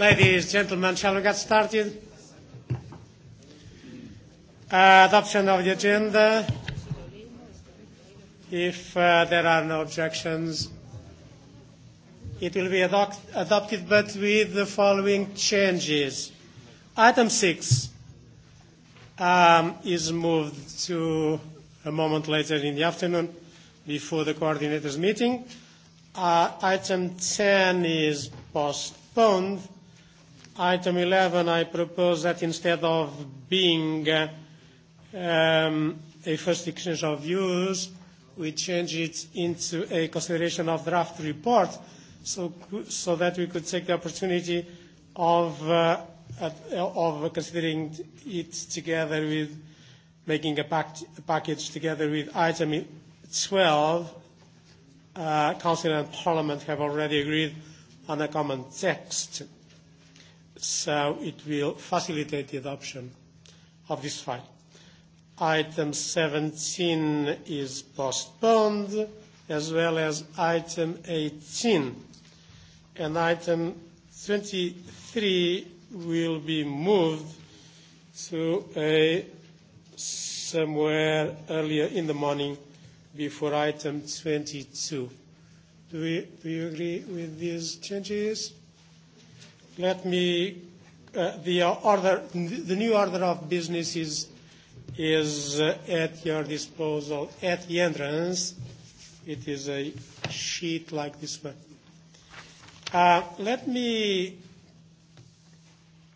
Ladies, and gentlemen, shall we get started? Uh, adoption of the agenda. If uh, there are no objections, it will be adopt adopted, but with the following changes. Item 6 um, is moved to a moment later in the afternoon before the coordinators' meeting. Uh, item 10 is postponed Item 11, I propose that instead of being a first exchange of views, we change it into a consideration of draft report so, so that we could take the opportunity of, uh, at, of considering it together with making a, pack, a package together with item 12. Uh, Council and Parliament have already agreed on a common text so it will facilitate the adoption of this file. Item 17 is postponed, as well as item 18. And item 23 will be moved to a somewhere earlier in the morning before item 22. Do we do you agree with these changes? Let me, uh, the order, the new order of business is, is uh, at your disposal at the entrance. It is a sheet like this one. Uh, let me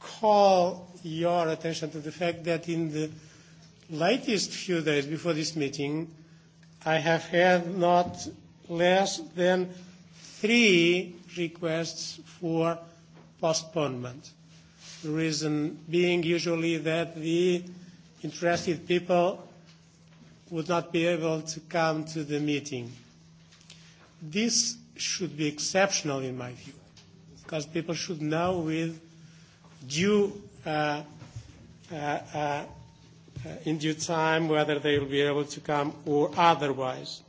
call your attention to the fact that in the latest few days before this meeting, I have had not less than three requests for postponement. The reason being usually that the interested people would not be able to come to the meeting. This should be exceptional in my view, because people should know with due uh, uh, uh, in due time whether they will be able to come or otherwise.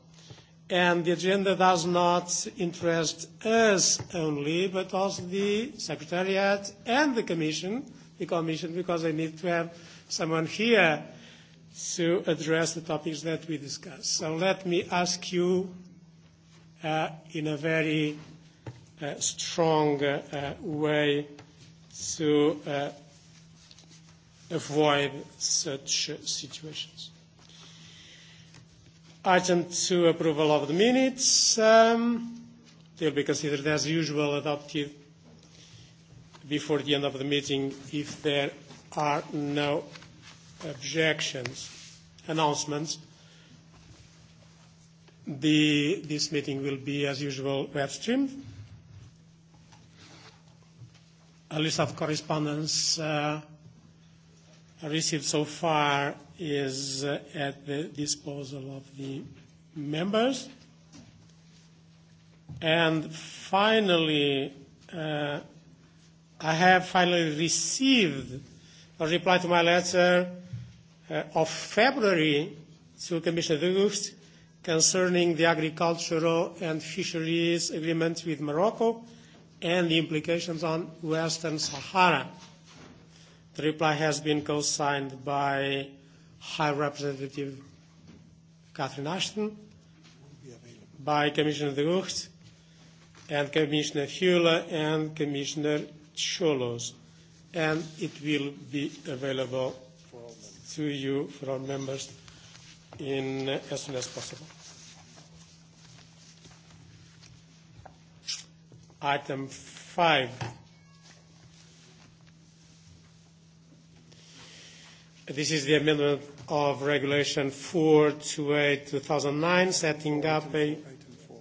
And the agenda does not interest us only, but also the Secretariat and the Commission, the Commission, because I need to have someone here to address the topics that we discuss. So let me ask you uh, in a very uh, strong uh, way to uh, avoid such uh, situations. Item two, approval of the minutes. they'll be considered as usual adopted before the end of the meeting if there are no objections. Announcements. this meeting will be, as usual, web streamed. A list of correspondence received so far is at the disposal of the members. And finally, uh, I have finally received a reply to my letter uh, of February to Commissioner de Gucht concerning the agricultural and fisheries agreement with Morocco and the implications on Western Sahara. The reply has been co-signed by High Representative Catherine Ashton, by Commissioner de Gucht, and Commissioner Hula and Commissioner Cholos, and it will be available to you for our members in as soon as possible. Item five. This is the amendment of Regulation 428/2009, setting up a- Item four.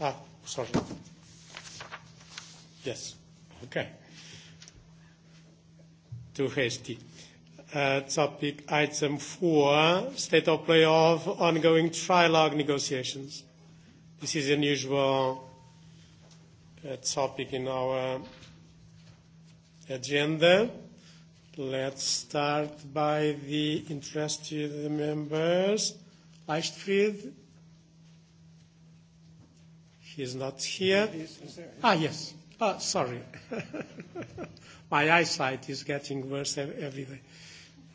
Ah, sorry. Yes. Okay. Too hasty. Topic item four, state of play of ongoing trilogue negotiations. This is an unusual topic in our agenda. Let's start by the interested members. Leichtfried? He's not here. Ah, yes. Oh, sorry. My eyesight is getting worse every day.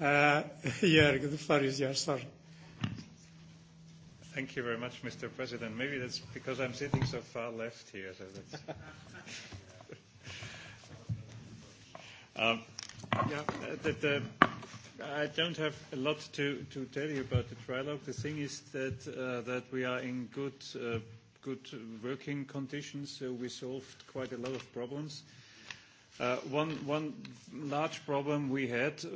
Uh, Jörg, the floor is yours. Sorry. Thank you very much, Mr. President. Maybe that's because I'm sitting so far left here. So that's um, Yeah. I don't have a lot to to tell you about the trilogue. The thing is that uh that we are in good uh good working conditions, so we solved quite a lot of problems. Uh One one large problem we had, uh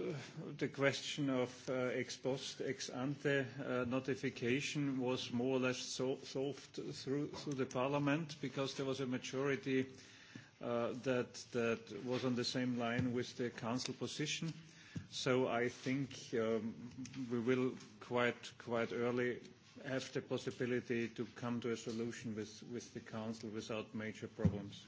the question of uh ex post, ex ante uh notification was more or less solved through through the parliament because there was a majority that was on the same line with the council position. So I think we will quite early have the possibility to come to a solution with the council without major problems.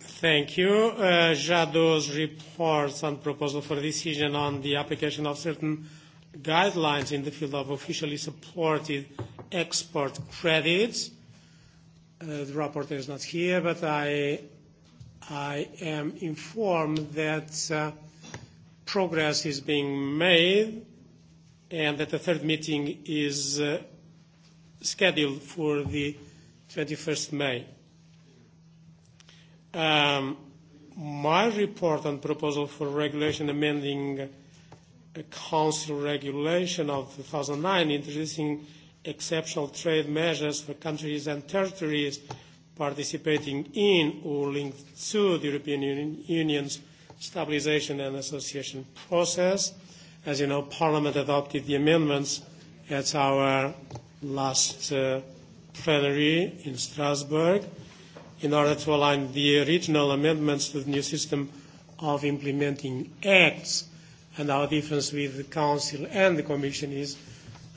Thank you. Jadot's reports and proposal for decision on the application of certain guidelines in the field of officially supported export credits the rapporteur is not here, but I, I am informed that uh, progress is being made and that the third meeting is uh, scheduled for the 21st May. Um, my report on proposal for regulation amending a council regulation of 2009 introducing exceptional trade measures for countries and territories participating in or linked to the European Union's stabilisation and association process. As you know, Parliament adopted the amendments at our last uh, plenary in Strasbourg in order to align the original amendments to the new system of implementing acts. And our difference with the Council and the Commission is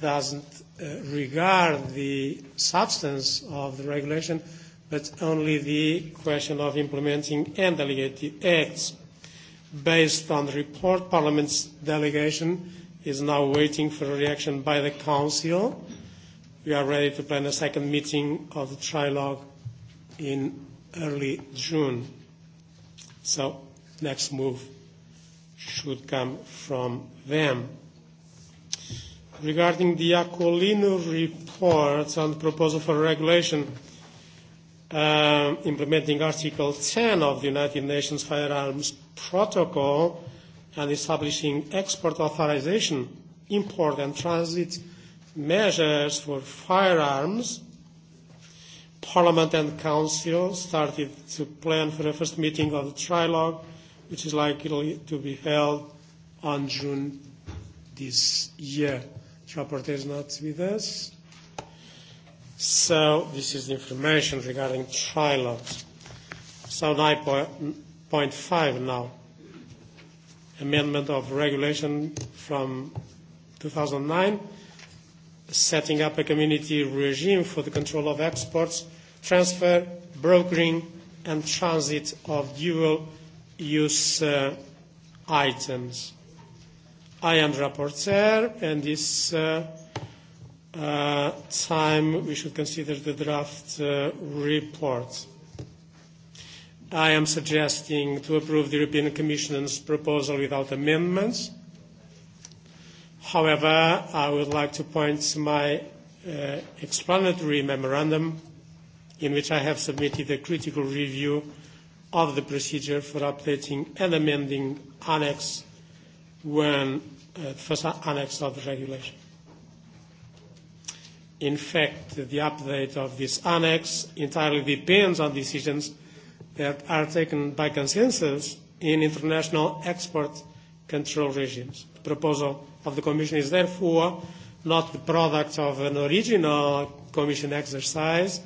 doesn't regard the substance of the regulation, but only the question of implementing and delegated acts. Based on the report, Parliament's delegation is now waiting for a reaction by the Council. We are ready to plan a second meeting of the trilogue in early June. So next move should come from them regarding the Aquilino report on the proposal for regulation uh, implementing Article 10 of the United Nations Firearms Protocol and establishing export authorization, import and transit measures for firearms, Parliament and Council started to plan for the first meeting of the trilogue, which is likely to be held on June this year. Rapporteur is not with us. So this is the information regarding trilogues. So 9.5 now. Amendment of regulation from 2009, setting up a community regime for the control of exports, transfer, brokering, and transit of dual use uh, items. I am the rapporteur, and this uh, uh, time we should consider the draft uh, report. I am suggesting to approve the European Commission's proposal without amendments. However, I would like to point to my uh, explanatory memorandum in which I have submitted a critical review of the procedure for updating and amending Annex when uh, first annex of the regulation. In fact, the update of this annex entirely depends on decisions that are taken by consensus in international export control regimes. The proposal of the Commission is therefore not the product of an original Commission exercise.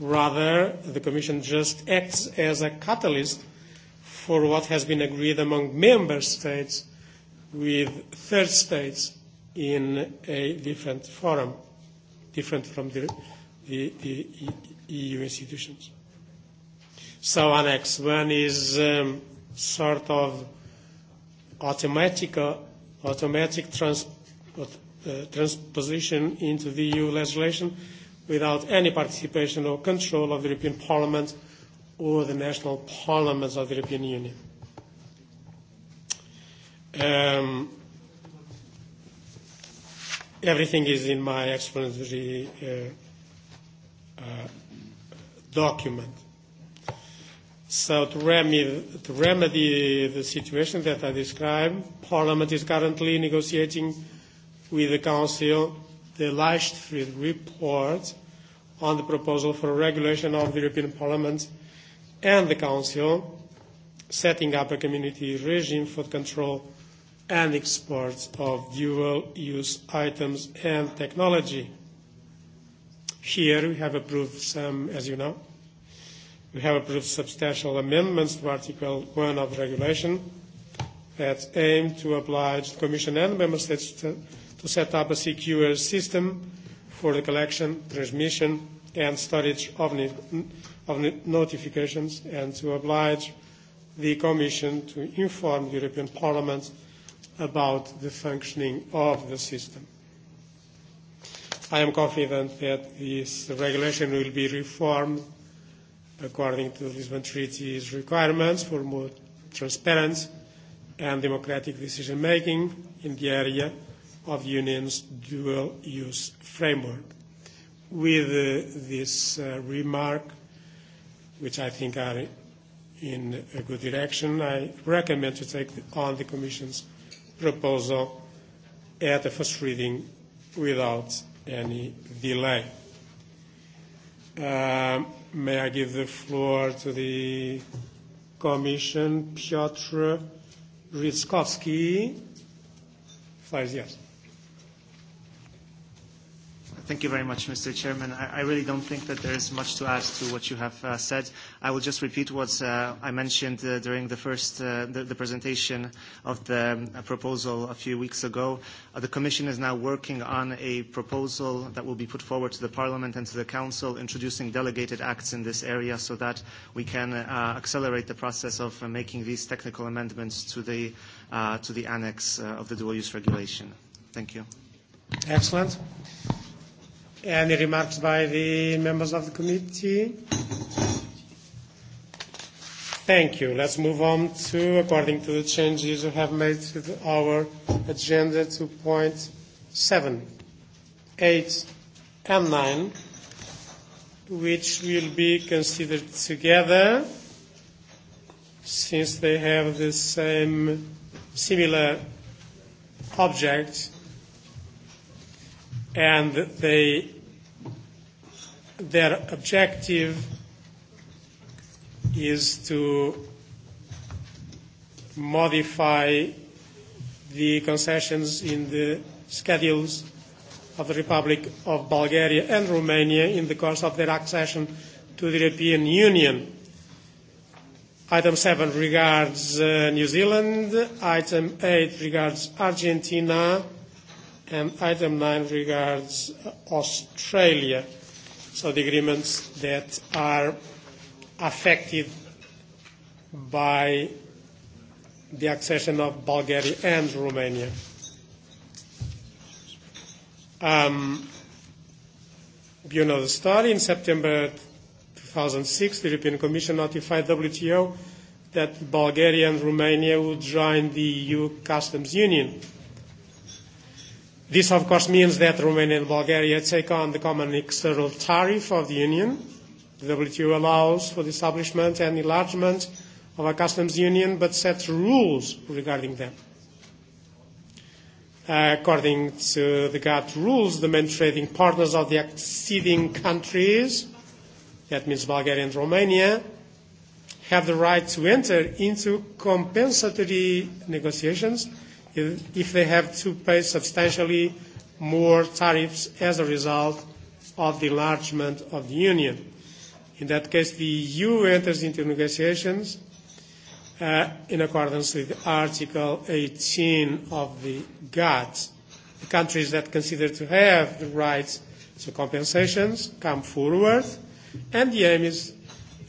Rather, the Commission just acts as a catalyst for what has been agreed among Member States with third states in a different forum, different from the, the, the EU institutions. So Annex 1 is um, sort of automatic, uh, automatic trans, uh, transposition into the EU legislation without any participation or control of the European Parliament or the national parliaments of the European Union. Um, everything is in my explanatory uh, uh, document. So to remedy, to remedy the situation that I described, Parliament is currently negotiating with the Council the Leichtfried report on the proposal for a regulation of the European Parliament and the Council setting up a community regime for the control and exports of dual-use items and technology. Here we have approved some, as you know, we have approved substantial amendments to Article 1 of the regulation that aim to oblige the Commission and Member States to, to set up a secure system for the collection, transmission, and storage of, of notifications, and to oblige the Commission to inform the European Parliament about the functioning of the system. I am confident that this regulation will be reformed according to the Lisbon Treaty's requirements for more transparency and democratic decision making in the area of the Union's dual use framework. With uh, this uh, remark, which I think are in a good direction, I recommend to take on the Commission's proposal at the first reading without any delay. May I give the floor to the Commission, Piotr Ryskowski? Five yes. Thank you very much, Mr. Chairman. I, I really don't think that there is much to add to what you have uh, said. I will just repeat what uh, I mentioned uh, during the first uh, the, the presentation of the um, proposal a few weeks ago. Uh, the Commission is now working on a proposal that will be put forward to the Parliament and to the Council, introducing delegated acts in this area, so that we can uh, accelerate the process of uh, making these technical amendments to the uh, to the annex uh, of the dual use regulation. Thank you. Excellent. Any remarks by the members of the committee? Thank you. Let's move on to, according to the changes we have made to our agenda, to point seven, eight, and nine, which will be considered together since they have the same similar object and they their objective is to modify the concessions in the schedules of the Republic of Bulgaria and Romania in the course of their accession to the European Union. Item 7 regards uh, New Zealand, item 8 regards Argentina, and item 9 regards Australia. So the agreements that are affected by the accession of Bulgaria and Romania. Um, you know the story. In September 2006, the European Commission notified WTO that Bulgaria and Romania would join the EU customs union This, of course, means that Romania and Bulgaria take on the common external tariff of the Union. The WTO allows for the establishment and enlargement of a customs union, but sets rules regarding them. According to the GATT rules, the main trading partners of the acceding countries, that means Bulgaria and Romania, have the right to enter into compensatory negotiations if they have to pay substantially more tariffs as a result of the enlargement of the Union. In that case, the EU enters into negotiations uh, in accordance with Article 18 of the GATT. The countries that consider to have the rights to compensations come forward, and the aim is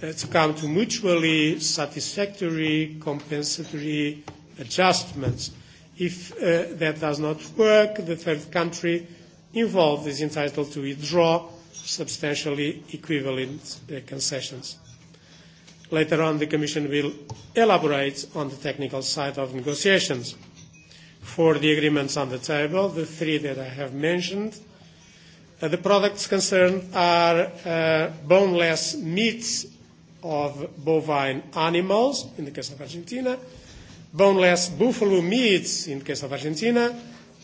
uh, to come to mutually satisfactory compensatory adjustments If uh, that does not work, the third country involved is entitled to withdraw substantially equivalent uh, concessions. Later on, the Commission will elaborate on the technical side of negotiations. For the agreements on the table, the three that I have mentioned, uh, the products concerned are uh, boneless meats of bovine animals, in the case of Argentina, boneless buffalo meats in the case of Argentina,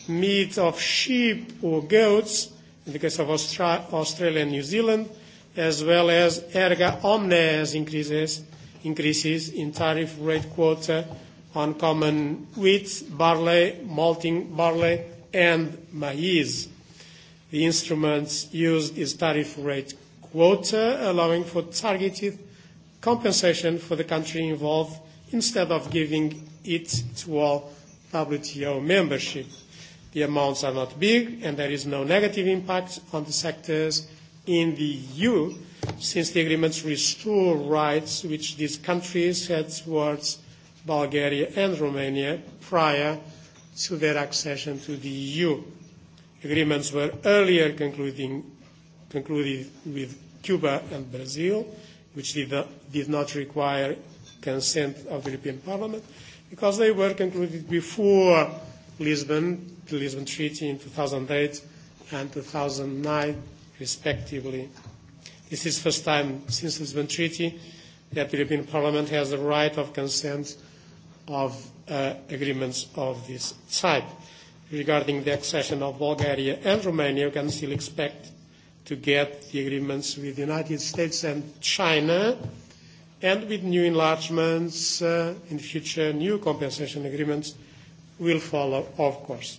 meat of sheep or goats in the case of Austra- Australia and New Zealand, as well as erga omnes increases, increases in tariff rate quota on common wheat, barley, malting barley, and maize. The instruments used is tariff rate quota, allowing for targeted compensation for the country involved instead of giving it to all WTO membership. The amounts are not big, and there is no negative impact on the sectors in the EU, since the agreements restore rights which these countries had towards Bulgaria and Romania prior to their accession to the EU. Agreements were earlier concluding, concluded with Cuba and Brazil, which did not, did not require consent of the European Parliament, because they were concluded before Lisbon, the Lisbon Treaty in 2008 and 2009, respectively. This is the first time since the Lisbon Treaty that the European Parliament has the right of consent of uh, agreements of this type. Regarding the accession of Bulgaria and Romania, we can still expect to get the agreements with the United States and China and with new enlargements in the future, new compensation agreements will follow, of course.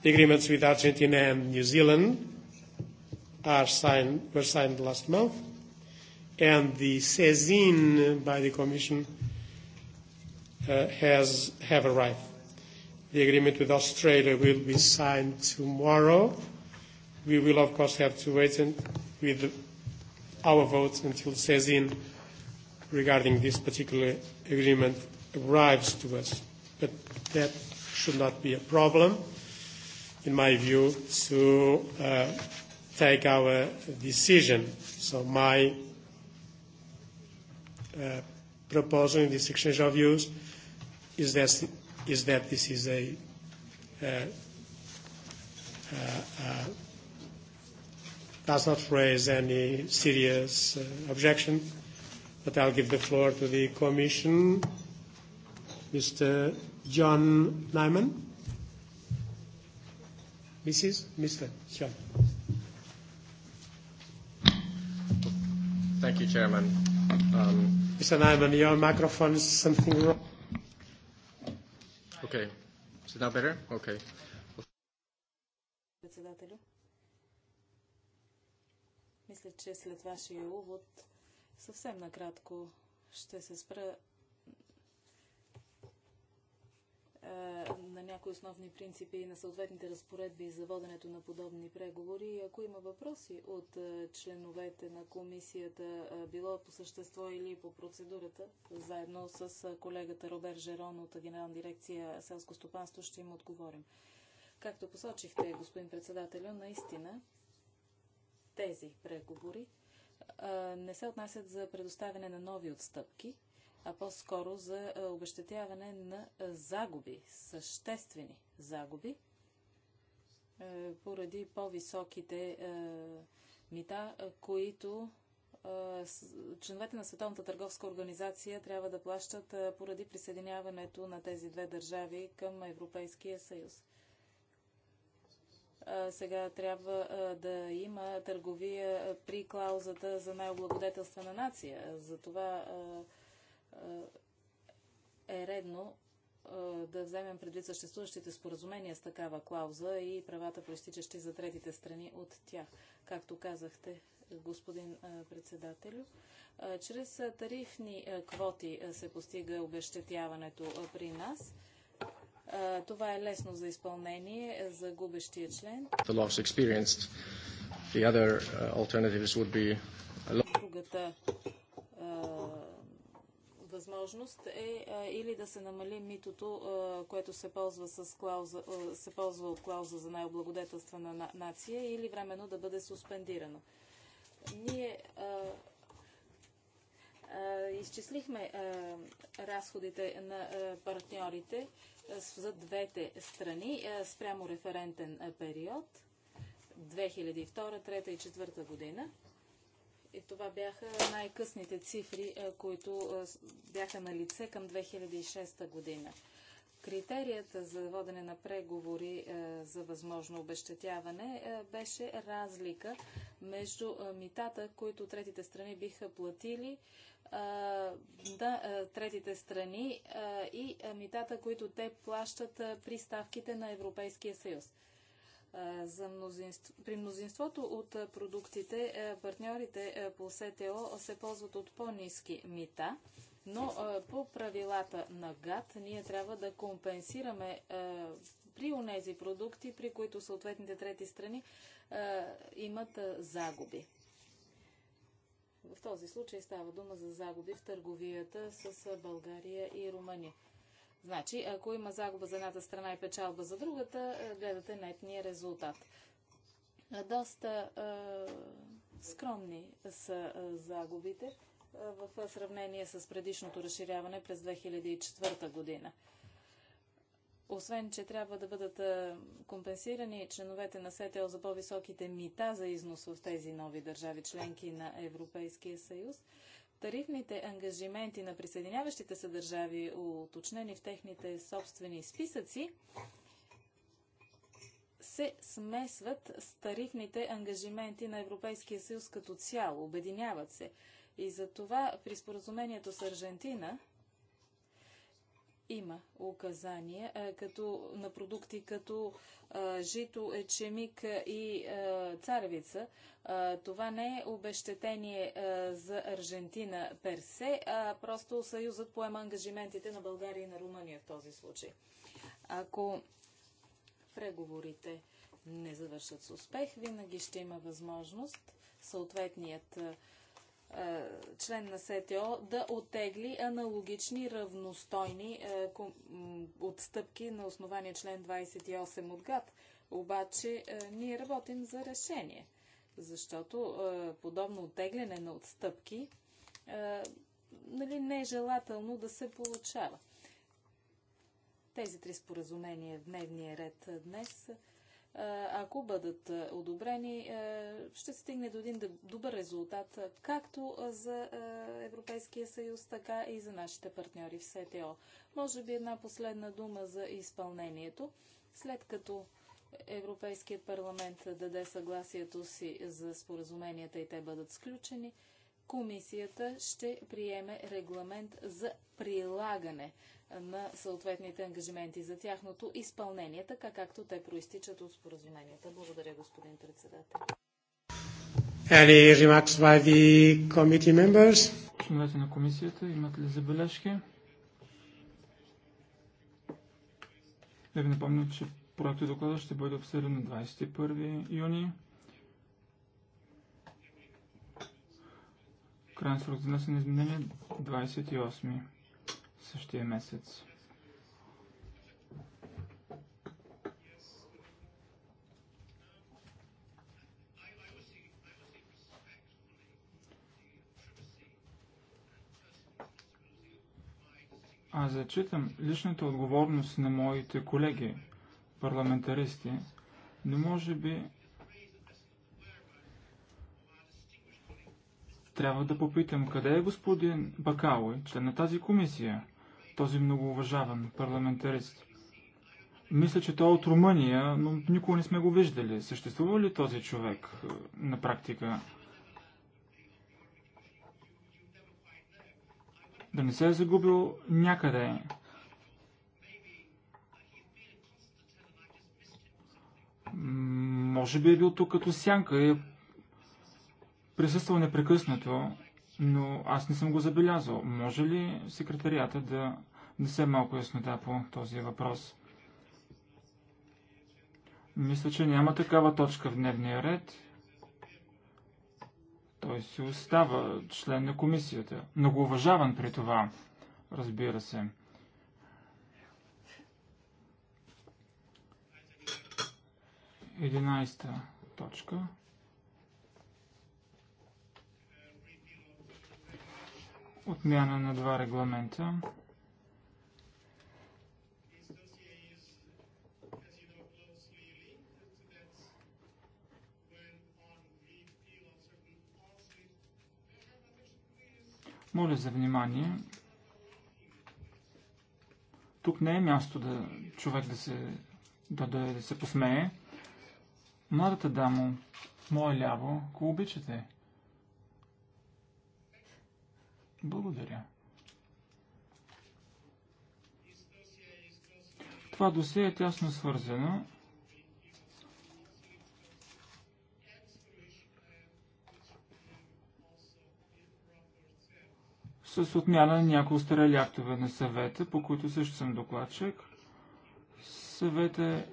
The agreements with Argentina and New Zealand were signed last month, and the CESIN by the Commission has have arrived. The agreement with Australia will be signed tomorrow. We will, of course, have to wait with our vote until CESIN regarding this particular agreement arrives to us. But that should not be a problem, in my view, to uh, take our decision. So my uh, proposal in this exchange of views is that, is that this is a uh, uh, uh, does not raise any serious uh, objection, but I'll give the floor to the Commission. Mr. John Nyman? Mrs. Mr. John. Thank you, Chairman. Um, Mr. Nyman, your microphone is something wrong. Okay. Is it now better? Okay. Председателю. Мисля, че след вашия увод съвсем накратко ще се спра е, на някои основни принципи и на съответните разпоредби за воденето на подобни преговори. Ако има въпроси от е, членовете на комисията, е, било по същество или по процедурата, заедно с колегата Робер Жерон от Генерална дирекция селско стопанство ще им отговорим. Както посочихте, господин председателю, наистина тези преговори не се отнасят за предоставяне на нови отстъпки, а по-скоро за обещетяване на загуби, съществени загуби, поради по-високите мита, които членовете на Световната търговска организация трябва да плащат поради присъединяването на тези две държави към Европейския съюз сега трябва да има търговия при клаузата за най-облагодетелствена нация. Затова е редно да вземем предвид съществуващите споразумения с такава клауза и правата, проистичащи за третите страни от тях, както казахте, господин председателю. Чрез тарифни квоти се постига обещетяването при нас – това е лесно за изпълнение за губещия член. Другата възможност е а, или да се намали митото, а, което се ползва, с клауза, а, се ползва от клауза за най облагодетелства на, нация, или временно да бъде суспендирано. Ние а, а, изчислихме а, разходите на а, партньорите е, за двете страни е, спрямо референтен е, период 2002, 2003 и 2004 година. И това бяха най-късните цифри, които бяха на лице към 2006 година. Критерията за водене на преговори е, за възможно обещетяване е, беше разлика между е, митата, които третите страни биха платили на третите страни и митата, които те плащат при ставките на Европейския съюз. За мнозинство, при мнозинството от продуктите партньорите по СТО се ползват от по-низки мита. Но а, по правилата на ГАТ ние трябва да компенсираме а, при онези продукти, при които съответните трети страни а, имат загуби. В този случай става дума за загуби в търговията с България и Румъния. Значи, ако има загуба за едната страна и печалба за другата, гледате нетния резултат. Доста скромни са загубите в сравнение с предишното разширяване през 2004 година. Освен, че трябва да бъдат компенсирани членовете на СТО за по-високите мита за износ в тези нови държави, членки на Европейския съюз, тарифните ангажименти на присъединяващите се държави, уточнени в техните собствени списъци, се смесват с тарифните ангажименти на Европейския съюз като цяло, обединяват се. И за това при споразумението с Аржентина има указания а, като, на продукти като а, жито, ечемик и а, царевица. Това не е обещетение за Аржентина персе, а просто Съюзът поема ангажиментите на България и на Румъния в този случай. Ако преговорите не завършат с успех, винаги ще има възможност съответният е, член на СТО да отегли аналогични равностойни е, отстъпки на основание член 28 от ГАТ. Обаче е, ние работим за решение, защото подобно отегляне на отстъпки нали, не е желателно да се получава. Тези три споразумения в дневния ред днес – е, ако бъдат е, одобрени, е, ще стигне до един добър резултат, както за Европейския съюз, така и за нашите партньори в СТО. Може би една последна дума за изпълнението. След като Европейският парламент даде съгласието си за споразуменията и те бъдат сключени, комисията ще приеме регламент за прилагане на съответните ангажименти за тяхното изпълнение, така както те проистичат от споразуменията. Благодаря, господин председател. Any remarks by the committee members? Членовете на комисията имат ли забележки? Да ви напомня, че проектът доклада ще бъде обсъден на 21 юни. Крайен срок за внасяне изменение 28 същия месец. Аз зачитам личната отговорност на моите колеги, парламентаристи, но може би трябва да попитам, къде е господин Бакауи, член на тази комисия? този многоуважаван парламентарист. Мисля, че той е от Румъния, но никога не сме го виждали. Съществува ли този човек е, на практика? Да не се е загубил някъде. Може би е бил тук като сянка и е присъствал непрекъснато но аз не съм го забелязал. Може ли секретарията да внесе да е малко яснота по този въпрос? Мисля, че няма такава точка в дневния ред. Той си остава член на комисията. Много уважаван при това, разбира се. Единайста точка. отмяна на два регламента. Моля за внимание. Тук не е място да човек да се, да, да, да се посмее. Младата дамо, мое ляво, ако обичате. Благодаря. Това досе е тясно свързано с отмяна на някои старели актове на съвета, по които също съм докладчик. Съвета е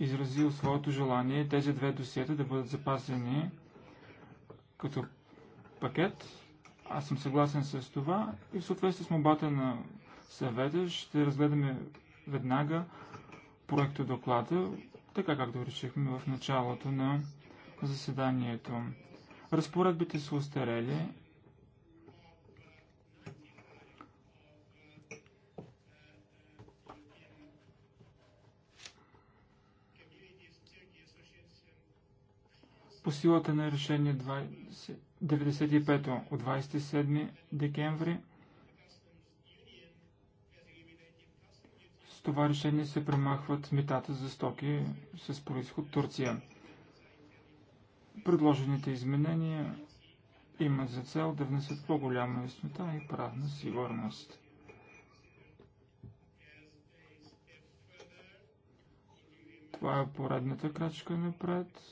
изразил своето желание тези две досиета да бъдат запазени като пакет аз съм съгласен с това и в съответствие с мобата на съвета ще разгледаме веднага проекта доклада, така както решихме в началото на заседанието. Разпоредбите са устарели, по силата на решение 95 от 27 декември. С това решение се премахват метата за стоки с происход Турция. Предложените изменения имат за цел да внесат по-голяма яснота и правна сигурност. Това е поредната крачка напред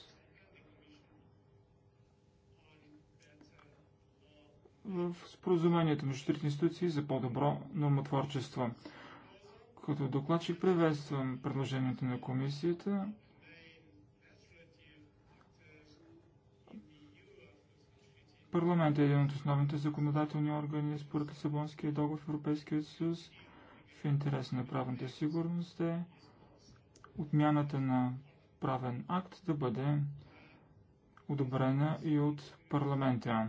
в споразумението между трите институции за по-добро нормотворчество. Като докладчик приветствам предложението на комисията. Парламентът е един от основните законодателни органи според Лисабонския договор в Европейския съюз. В интерес на правната сигурност е отмяната на правен акт да бъде одобрена и от парламента.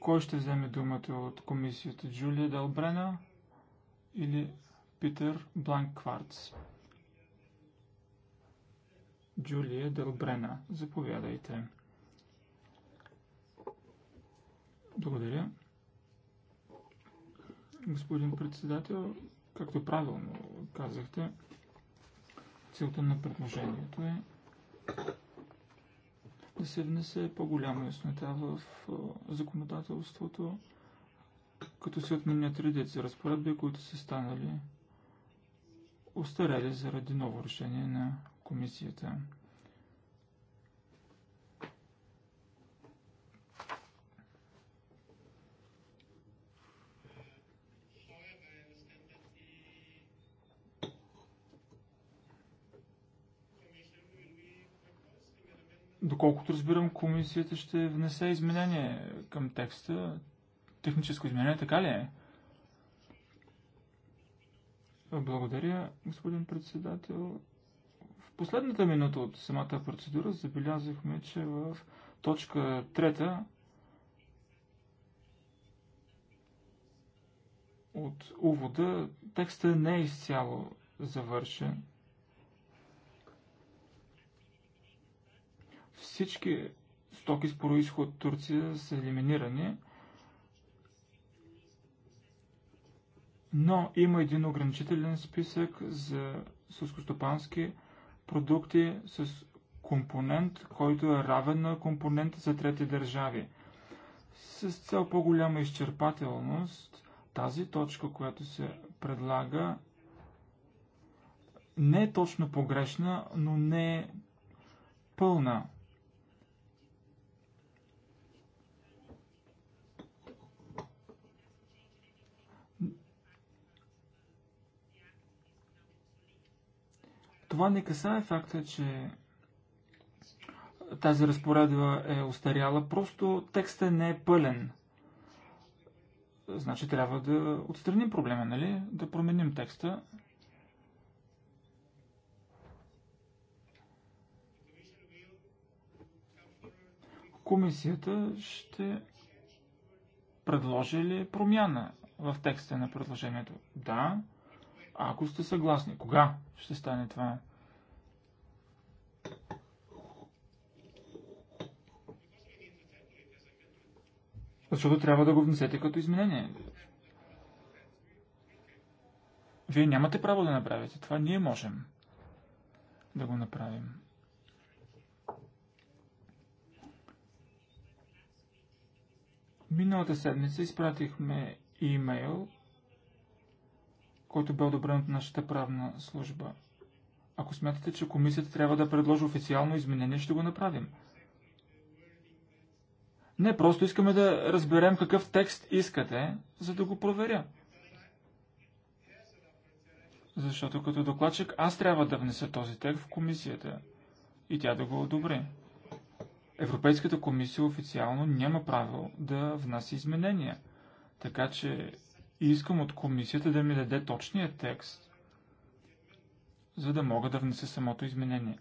Кой ще вземе думата от комисията? Джулия Далбрена или Питър Бланкварц? Джулия Дълбрена. Заповядайте. Благодаря. Господин председател, както правилно казахте, целта на предложението е да се внесе по-голяма яснота в законодателството, като се отменят редици разпоредби, които са станали устарели заради ново решение на комисията. Доколкото разбирам, комисията ще внесе изменение към текста. Техническо изменение, така ли е? Благодаря, господин председател. В последната минута от самата процедура забелязахме, че в точка трета от увода текста не е изцяло завършен. Всички стоки с происход Турция са елиминирани, но има един ограничителен списък за сълскостопански продукти с компонент, който е равен на компонента за трети държави. С цел по-голяма изчерпателност, тази точка, която се предлага, не е точно погрешна, но не е пълна. Това не касае факта, че тази разпоредба е устаряла, просто текстът не е пълен. Значи трябва да отстраним проблема, нали? Да променим текста. Комисията ще предложи ли промяна в текста на предложението? Да. Ако сте съгласни, кога ще стане това? Защото трябва да го внесете като изменение. Вие нямате право да направите това. Ние можем да го направим. Миналата седмица изпратихме имейл който бе одобрен от нашата правна служба. Ако смятате, че комисията трябва да предложи официално изменение, ще го направим. Не, просто искаме да разберем какъв текст искате, за да го проверя. Защото като докладчик аз трябва да внеса този текст в комисията и тя да го одобри. Европейската комисия официално няма право да внася изменения. Така че и искам от комисията да ми даде точния текст, за да мога да внеса самото изменение.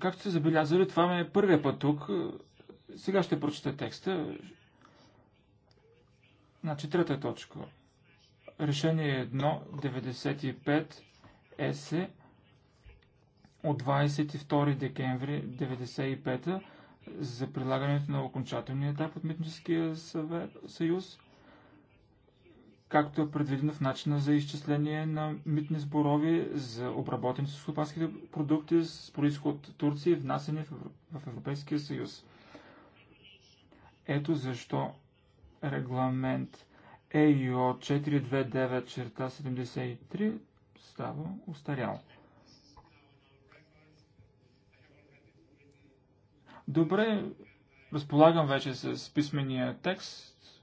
Както сте забелязали, това ме е първия път тук. Сега ще прочета текста. Значи, трета точка. Решение 1.95 ЕСЕ от 22 декември 1995 за прилагането на окончателния етап от Митническия съюз както е предвидено в начина за изчисление на митни сборови за обработени сухопански продукти с происход от Турция и в Европейския съюз. Ето защо регламент ЕИО 429-73 става устарял. Добре, разполагам вече с писмения текст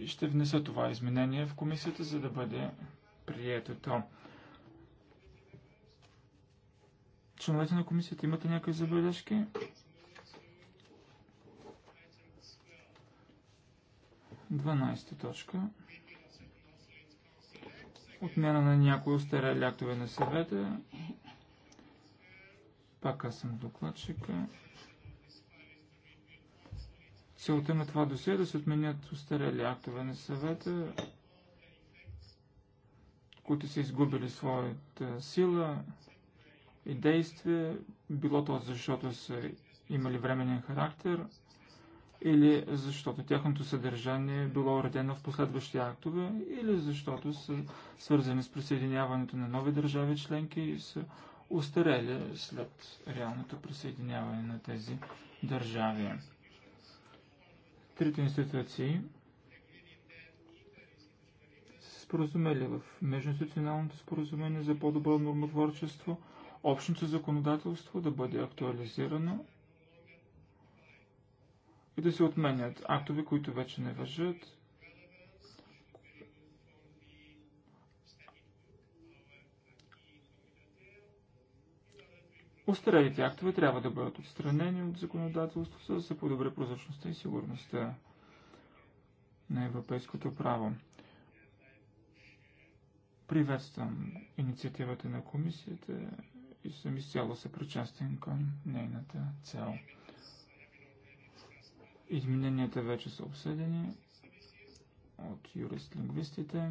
и ще внеса това изменение в комисията, за да бъде прието то. Членовете на комисията имате някакви забележки? Дванайста точка. Отмяна на някои остарели актове на съвета. Пак аз съм докладчика. Целта на това досие е да се отменят устарели актове на съвета, които са изгубили своята сила и действие, било то защото са имали временен характер или защото тяхното съдържание е било уредено в последващи актове, или защото са свързани с присъединяването на нови държави членки и са устарели след реалното присъединяване на тези държави трите институции се споразумели в Междуинституционалното споразумение за по-добро нормотворчество, общото законодателство да бъде актуализирано и да се отменят актове, които вече не въжат, Остарелите актове трябва да бъдат отстранени от законодателството, за да се подобре прозрачността и сигурността на европейското право. Приветствам инициативата на комисията и съм изцяло съпричастен към нейната цел. Измененията вече са обсъдени от юрист-лингвистите.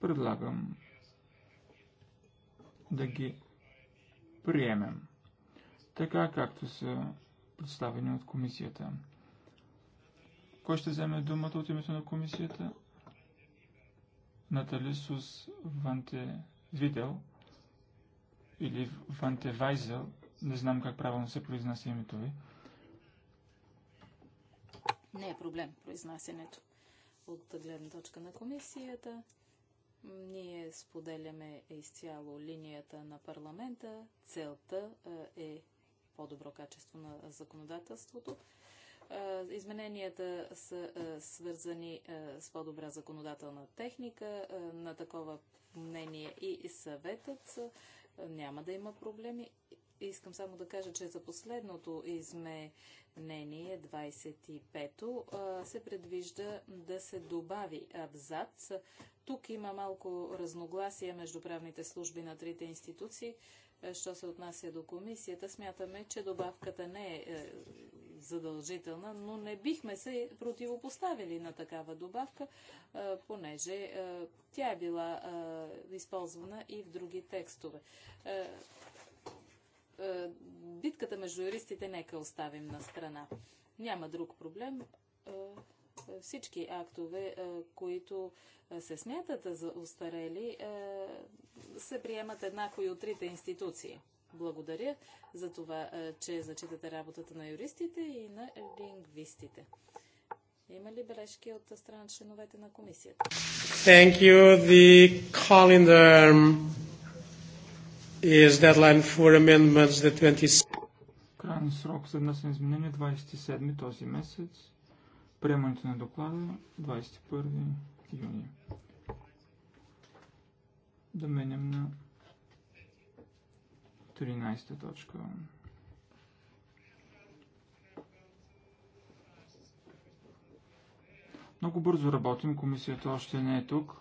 Предлагам да ги приемем, така както са представени от комисията. Кой ще вземе думата от името на комисията? Наталисус Ванте Видел или Ванте Вайзел, не знам как правилно се произнася името ви. Не е проблем произнасянето от гледна точка на комисията. Ние споделяме изцяло линията на парламента. Целта е, е по-добро качество на законодателството. Е, измененията са е, свързани с по-добра законодателна техника. На такова мнение и съветът няма да има проблеми. Искам само да кажа, че за последното изменение, 25-то, се предвижда да се добави абзац. Тук има малко разногласие между правните служби на трите институции. Що се отнася до комисията, смятаме, че добавката не е, е задължителна, но не бихме се противопоставили на такава добавка, понеже тя е била използвана и в други текстове. Е, битката между юристите нека оставим на страна. Няма друг проблем. Е, е, всички актове, които се смятат за устарели, се приемат еднакво и от трите институции. Благодаря за това, че зачитате работата на юристите и на лингвистите. Има ли бележки от страна членовете на комисията? Thank you. The calendar is deadline for amendments the 20... Крайен срок за внасяне изменения 27 е ми този месец. Приемането на доклада 21 е юни. Да менем на 13 та точка. Много бързо работим, комисията още не е тук.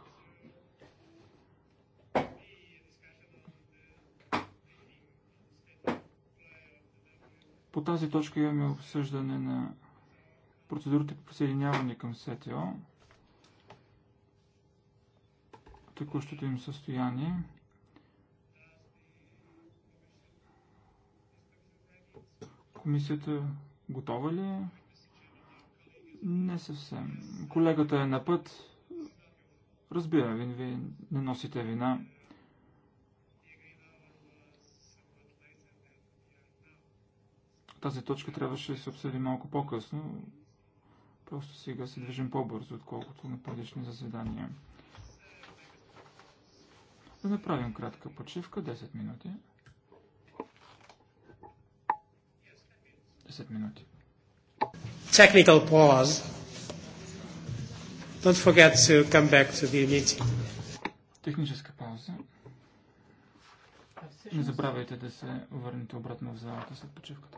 По тази точка имаме обсъждане на процедурите по присъединяване към СТО, текущото им състояние. Комисията готова ли е? Не съвсем. Колегата е на път. Разбира ви, вие не носите вина. Тази точка трябваше да се обсъди малко по-късно. Просто сега се движим по-бързо, отколкото на предишни заседания. Да направим кратка почивка, 10 минути. 10 минути. Technical pause. Don't forget to come back to the meeting. Техническа пауза. Не забравяйте да се върнете обратно в залата след почивката.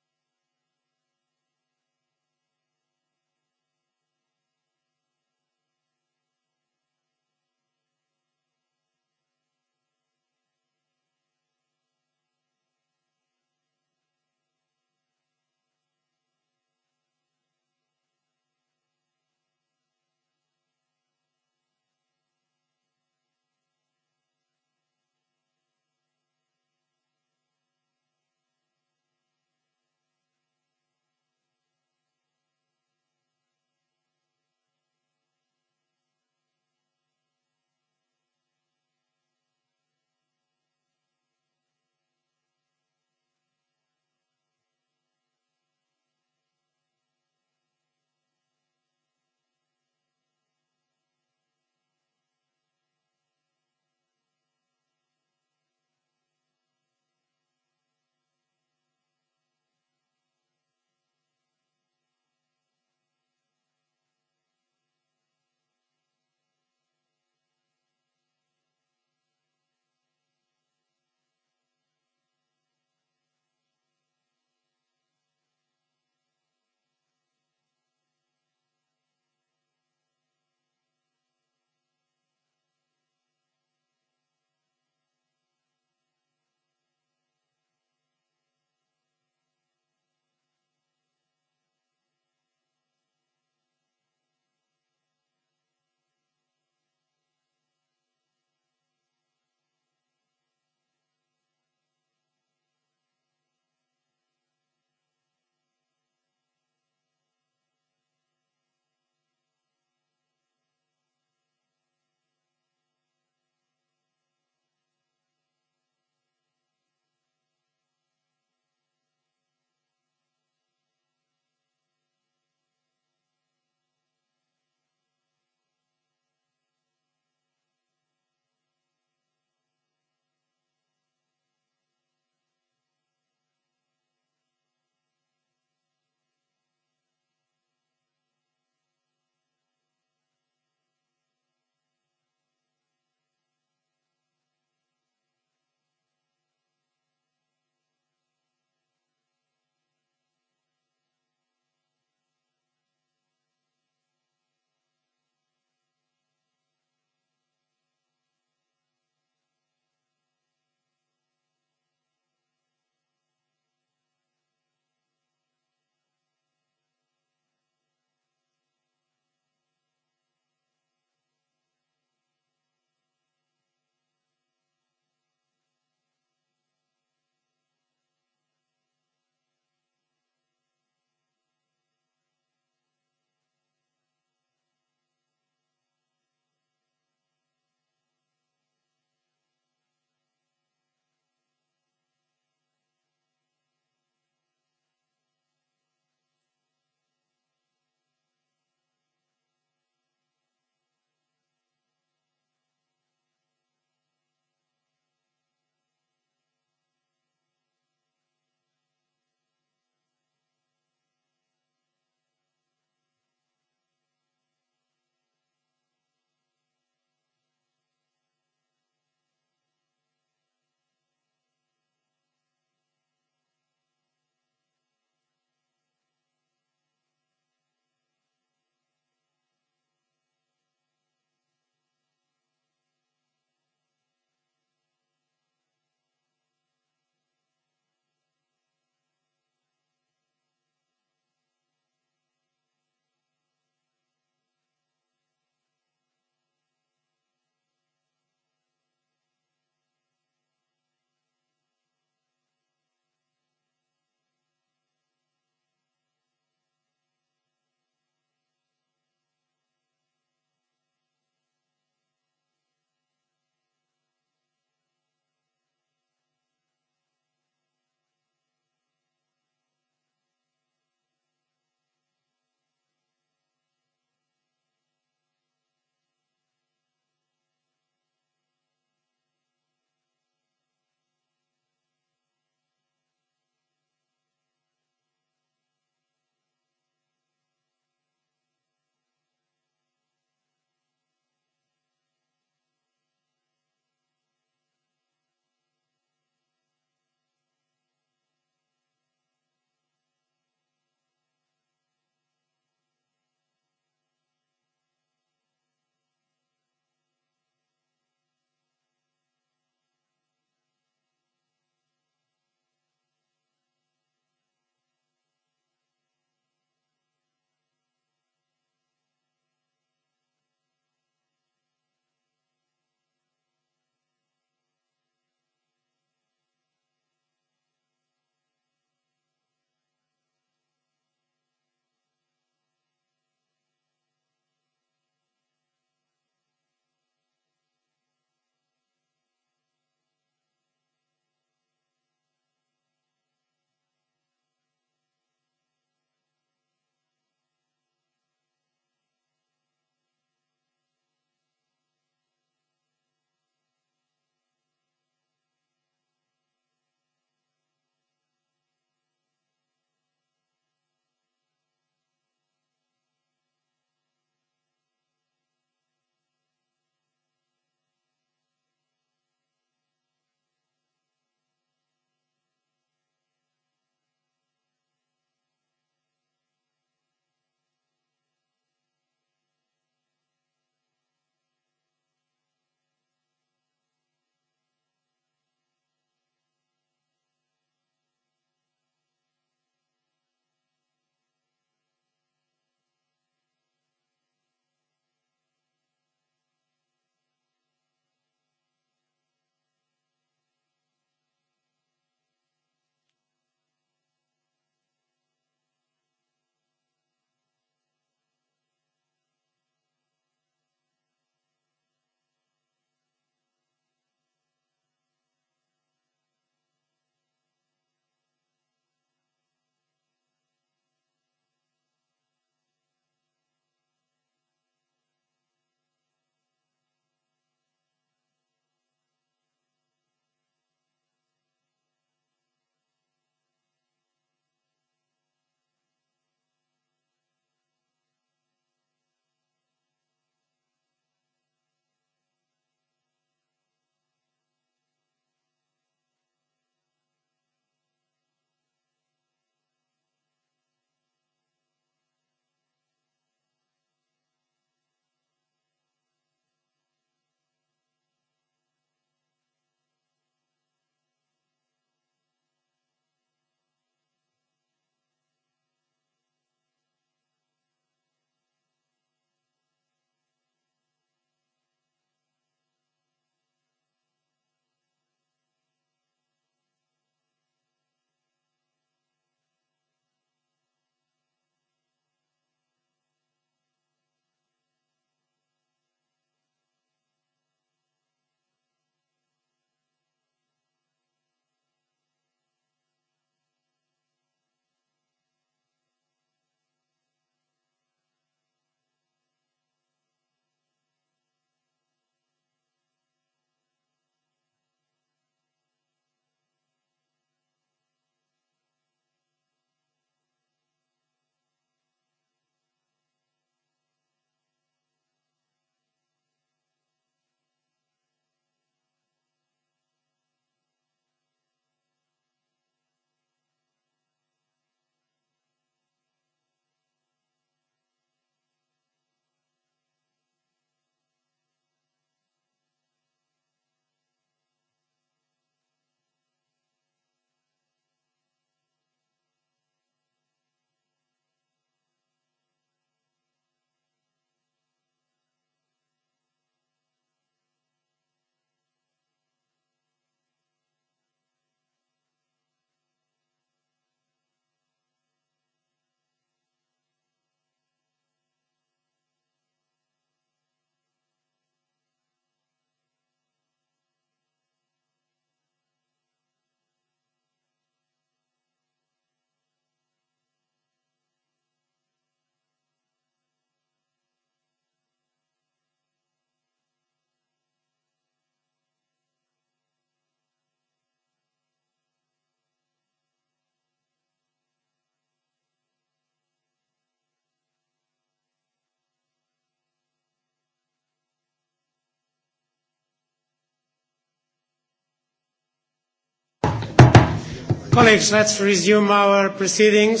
Colleagues, let's resume our proceedings.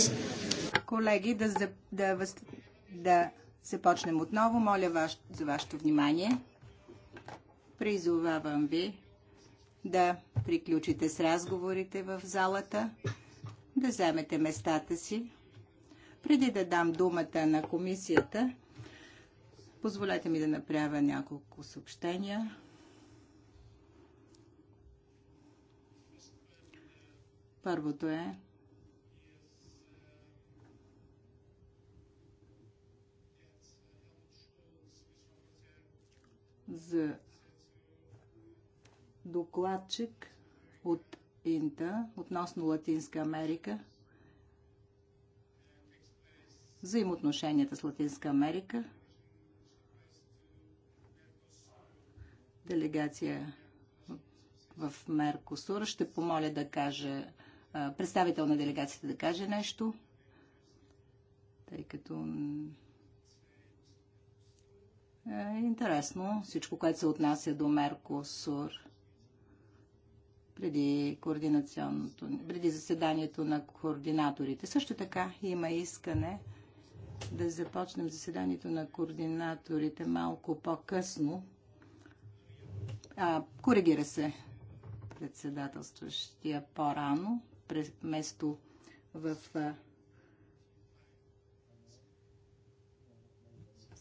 Колеги, да, да, да започнем отново. Моля ваш, за вашето внимание. Призовавам ви да приключите с разговорите в залата, да вземете местата си. Преди да дам думата на комисията, позволете ми да направя няколко съобщения. Първото е за докладчик от Инта относно Латинска Америка, взаимоотношенията с Латинска Америка, делегация в Меркосур. Ще помоля да каже представител на делегацията да каже нещо, тъй като е интересно всичко, което се отнася до Меркосур преди, координационното, преди заседанието на координаторите. Също така има искане да започнем заседанието на координаторите малко по-късно. коригира се председателстващия по-рано место в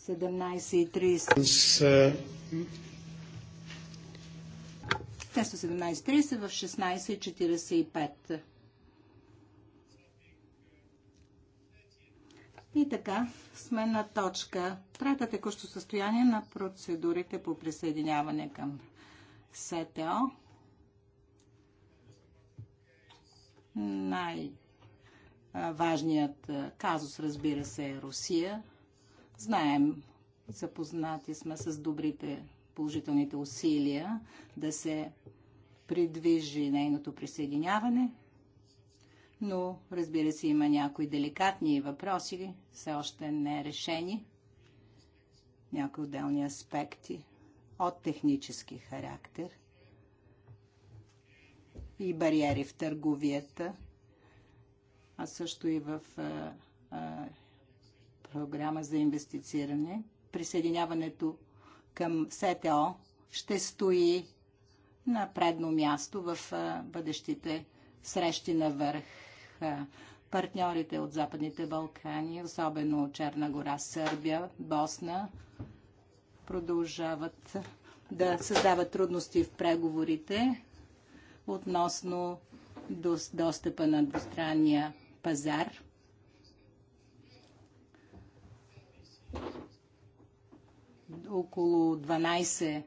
17.30. Вместо 17.30 в 16.45. И така сме на точка. Трета текущо състояние на процедурите по присъединяване към СТО. Най-важният казус, разбира се, е Русия. Знаем, запознати сме с добрите положителните усилия да се придвижи нейното присъединяване, но разбира се има някои деликатни въпроси, все още не решени, някои отделни аспекти от технически характер – и бариери в търговията, а също и в а, а, програма за инвестициране. Присъединяването към СТО ще стои на предно място в а, бъдещите срещи на върх. Партньорите от Западните Балкани, особено Черна гора, Сърбия, Босна, продължават да създават трудности в преговорите относно достъпа на двустранния пазар. Около 12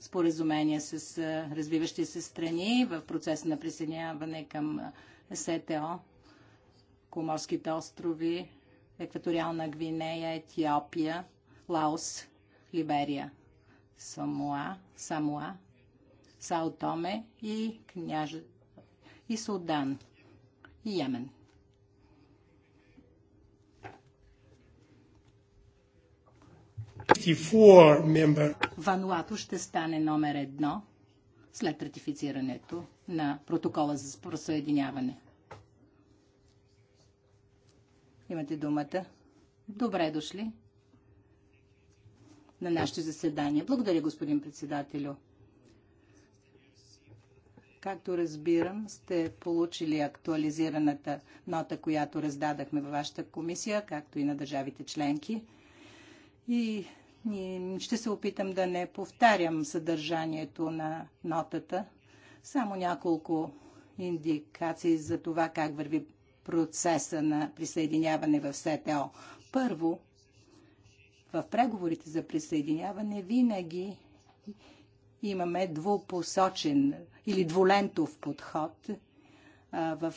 споразумения с развиващи се страни в процес на присъединяване към СТО, Коморските острови, Екваториална Гвинея, Етиопия, Лаос, Либерия, Самуа, Самуа Сао Томе и, княж... и Судан и Йемен. Вануато ще стане номер едно след ратифицирането на протокола за присъединяване. Имате думата. Добре дошли на нашите заседания. Благодаря, господин председателю. Както разбирам, сте получили актуализираната нота, която раздадахме във вашата комисия, както и на държавите членки. И ще се опитам да не повтарям съдържанието на нотата, само няколко индикации за това как върви процеса на присъединяване в СТО. Първо, в преговорите за присъединяване винаги имаме двупосочен или двулентов подход в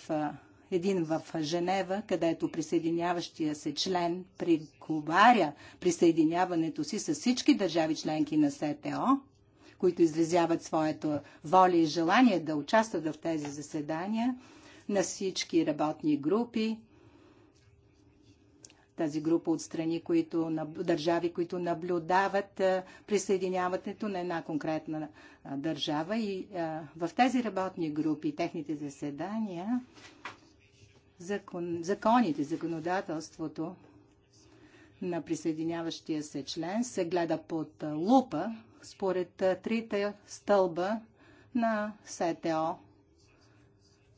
един в Женева, където присъединяващия се член приговаря присъединяването си с всички държави членки на СТО, които изразяват своето воля и желание да участват в тези заседания на всички работни групи, тази група от страни, които, държави, които наблюдават присъединяването на една конкретна държава. И в тези работни групи, техните заседания, закон, законите, законодателството на присъединяващия се член се гледа под лупа според трите стълба на СТО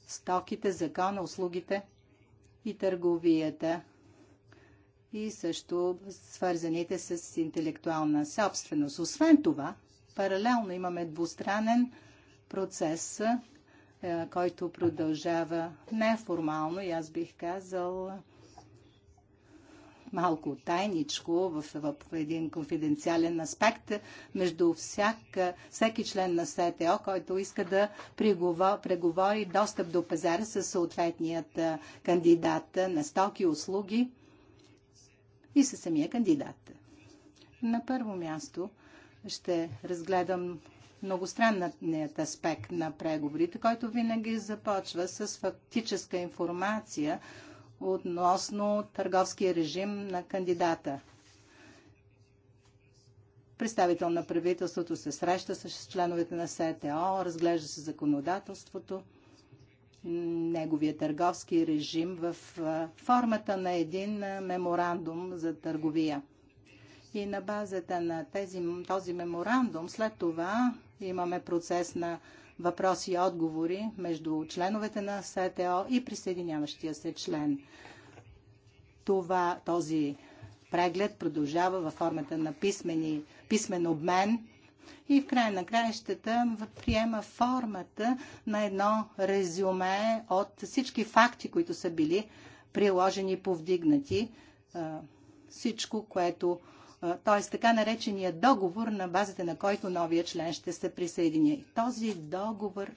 стоките, закона, услугите и търговията и също свързаните с интелектуална собственост. Освен това, паралелно имаме двустранен процес, е, който продължава неформално и аз бих казал малко тайничко в, в един конфиденциален аспект между всяка, всеки член на СТО, който иска да преговори, преговори достъп до пазара със съответният е, кандидат на стоки, услуги и със самия кандидат. На първо място ще разгледам многостранният аспект на преговорите, който винаги започва с фактическа информация относно търговския режим на кандидата. Представител на правителството се среща с членовете на СТО, разглежда се законодателството – неговия търговски режим в формата на един меморандум за търговия. И на базата на тези, този меморандум след това имаме процес на въпроси и отговори между членовете на СТО и присъединяващия се член. Това, този преглед продължава във формата на писмени, писмен обмен и в край на краищата приема формата на едно резюме от всички факти, които са били приложени, и повдигнати. Всичко, което т.е. така наречения договор, на базата на който новия член ще се присъедини. Този договор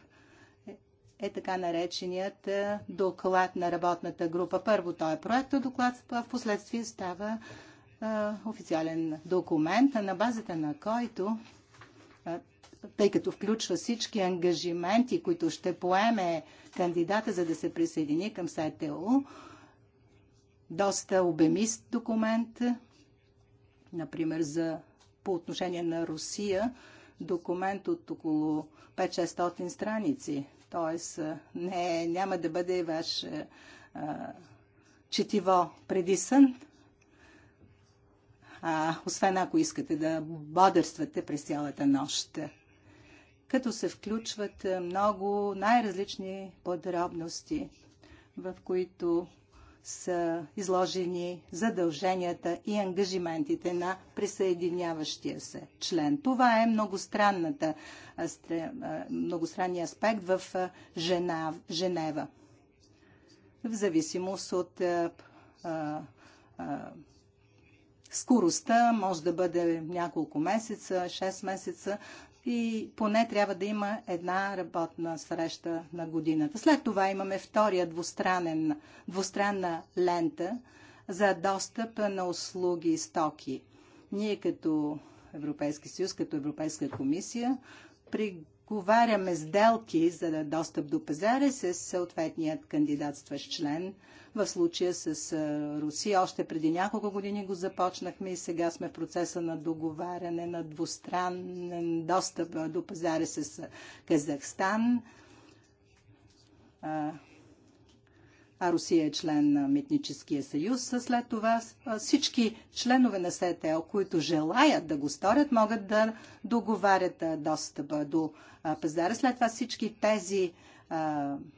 е, е така нареченият доклад на работната група. Първо той е проектът доклад, а в последствие става официален документ, на базата на който тъй като включва всички ангажименти, които ще поеме кандидата, за да се присъедини към СТО. Доста обемист документ, например за, по отношение на Русия, документ от около 5-600 страници. Тоест, не, няма да бъде ваш а, четиво преди сън, а, освен ако искате да бодрствате през цялата нощ като се включват е, много най-различни подробности, в които са изложени задълженията и ангажиментите на присъединяващия се член. Това е многостранната, многостранния аспект в Женева. В зависимост от е, а, а, скоростта, може да бъде няколко месеца, 6 месеца, и поне трябва да има една работна среща на годината. След това имаме втория двустранен, двустранна лента за достъп на услуги и стоки. Ние като Европейски съюз, като Европейска комисия, при договаряме сделки за достъп до пазара с съответният кандидатстващ член. В случая с Русия още преди няколко години го започнахме и сега сме в процеса на договаряне на двустранен достъп до пазара с Казахстан а Русия е член на Митническия съюз. След това всички членове на СТО, които желаят да го сторят, могат да договарят достъпа до пазара. След това всички тези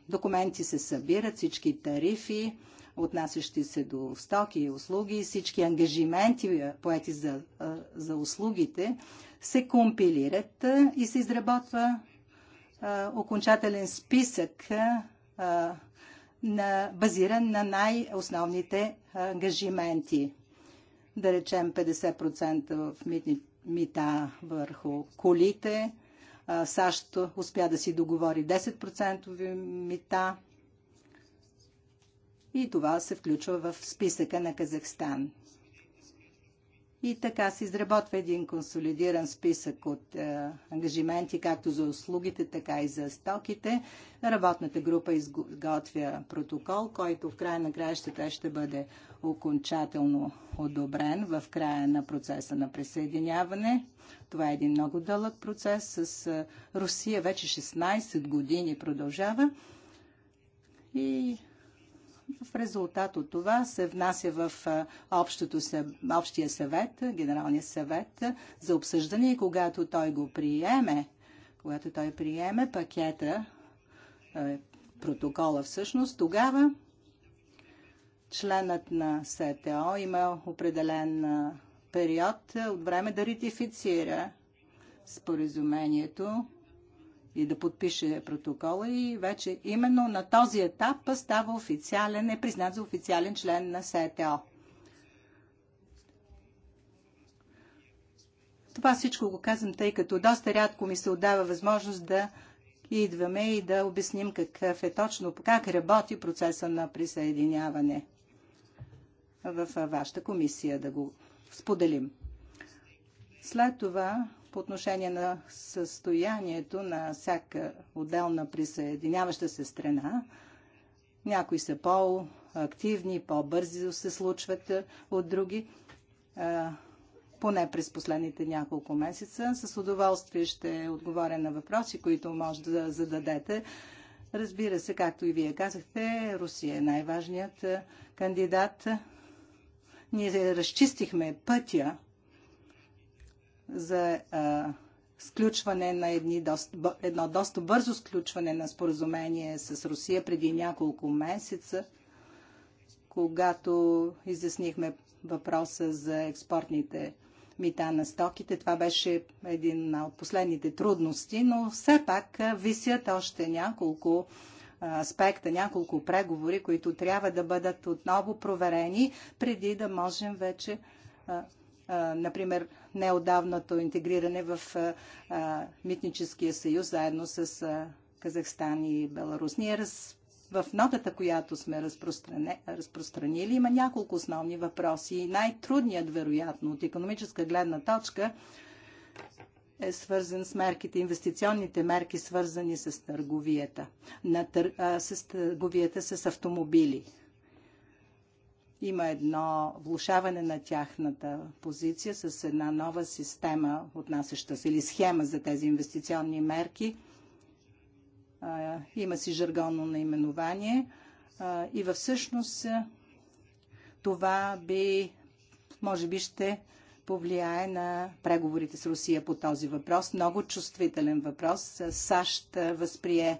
документи се събират, всички тарифи, отнасящи се до стоки и услуги, всички ангажименти, поети за, за услугите, се компилират и се изработва окончателен списък на, базиран на най-основните ангажименти. Да речем 50% в митни, мита върху колите. САЩ успя да си договори 10% мита. И това се включва в списъка на Казахстан. И така се изработва един консолидиран списък от е, ангажименти, както за услугите, така и за стоките. Работната група изготвя протокол, който в края на краищата ще бъде окончателно одобрен в края на процеса на присъединяване. Това е един много дълъг процес. С е, Русия вече 16 години продължава. И в резултат от това се внася в общото, общия съвет, Генералния съвет за обсъждане и когато той го приеме, когато той приеме пакета, протокола всъщност, тогава членът на СТО има определен период от време да ратифицира споразумението и да подпише протокола и вече именно на този етап става официален, е признат за официален член на СТО. Това всичко го казвам, тъй като доста рядко ми се отдава възможност да идваме и да обясним какъв е точно, как работи процеса на присъединяване в вашата комисия, да го споделим. След това по отношение на състоянието на всяка отделна присъединяваща се страна. Някои са по-активни, по-бързи се случват от други, поне през последните няколко месеца. С удоволствие ще отговоря на въпроси, които може да зададете. Разбира се, както и вие казахте, Русия е най-важният кандидат. Ние разчистихме пътя за а, сключване на едни доста, едно доста бързо сключване на споразумение с Русия преди няколко месеца, когато изяснихме въпроса за експортните мита на стоките. Това беше един от последните трудности, но все пак висят още няколко аспекта, няколко преговори, които трябва да бъдат отново проверени, преди да можем вече например, неодавното интегриране в Митническия съюз, заедно с Казахстан и Беларус. Ние раз... в нотата, която сме разпростране... разпространили, има няколко основни въпроси. Най-трудният, вероятно, от економическа гледна точка, е свързан с мерките, инвестиционните мерки, свързани с търговията, на тър... а, с търговията с автомобили. Има едно влушаване на тяхната позиция с една нова система, отнасяща се или схема за тези инвестиционни мерки. Има си жаргонно наименование и във всъщност това би, може би ще повлияе на преговорите с Русия по този въпрос. Много чувствителен въпрос. САЩ възприе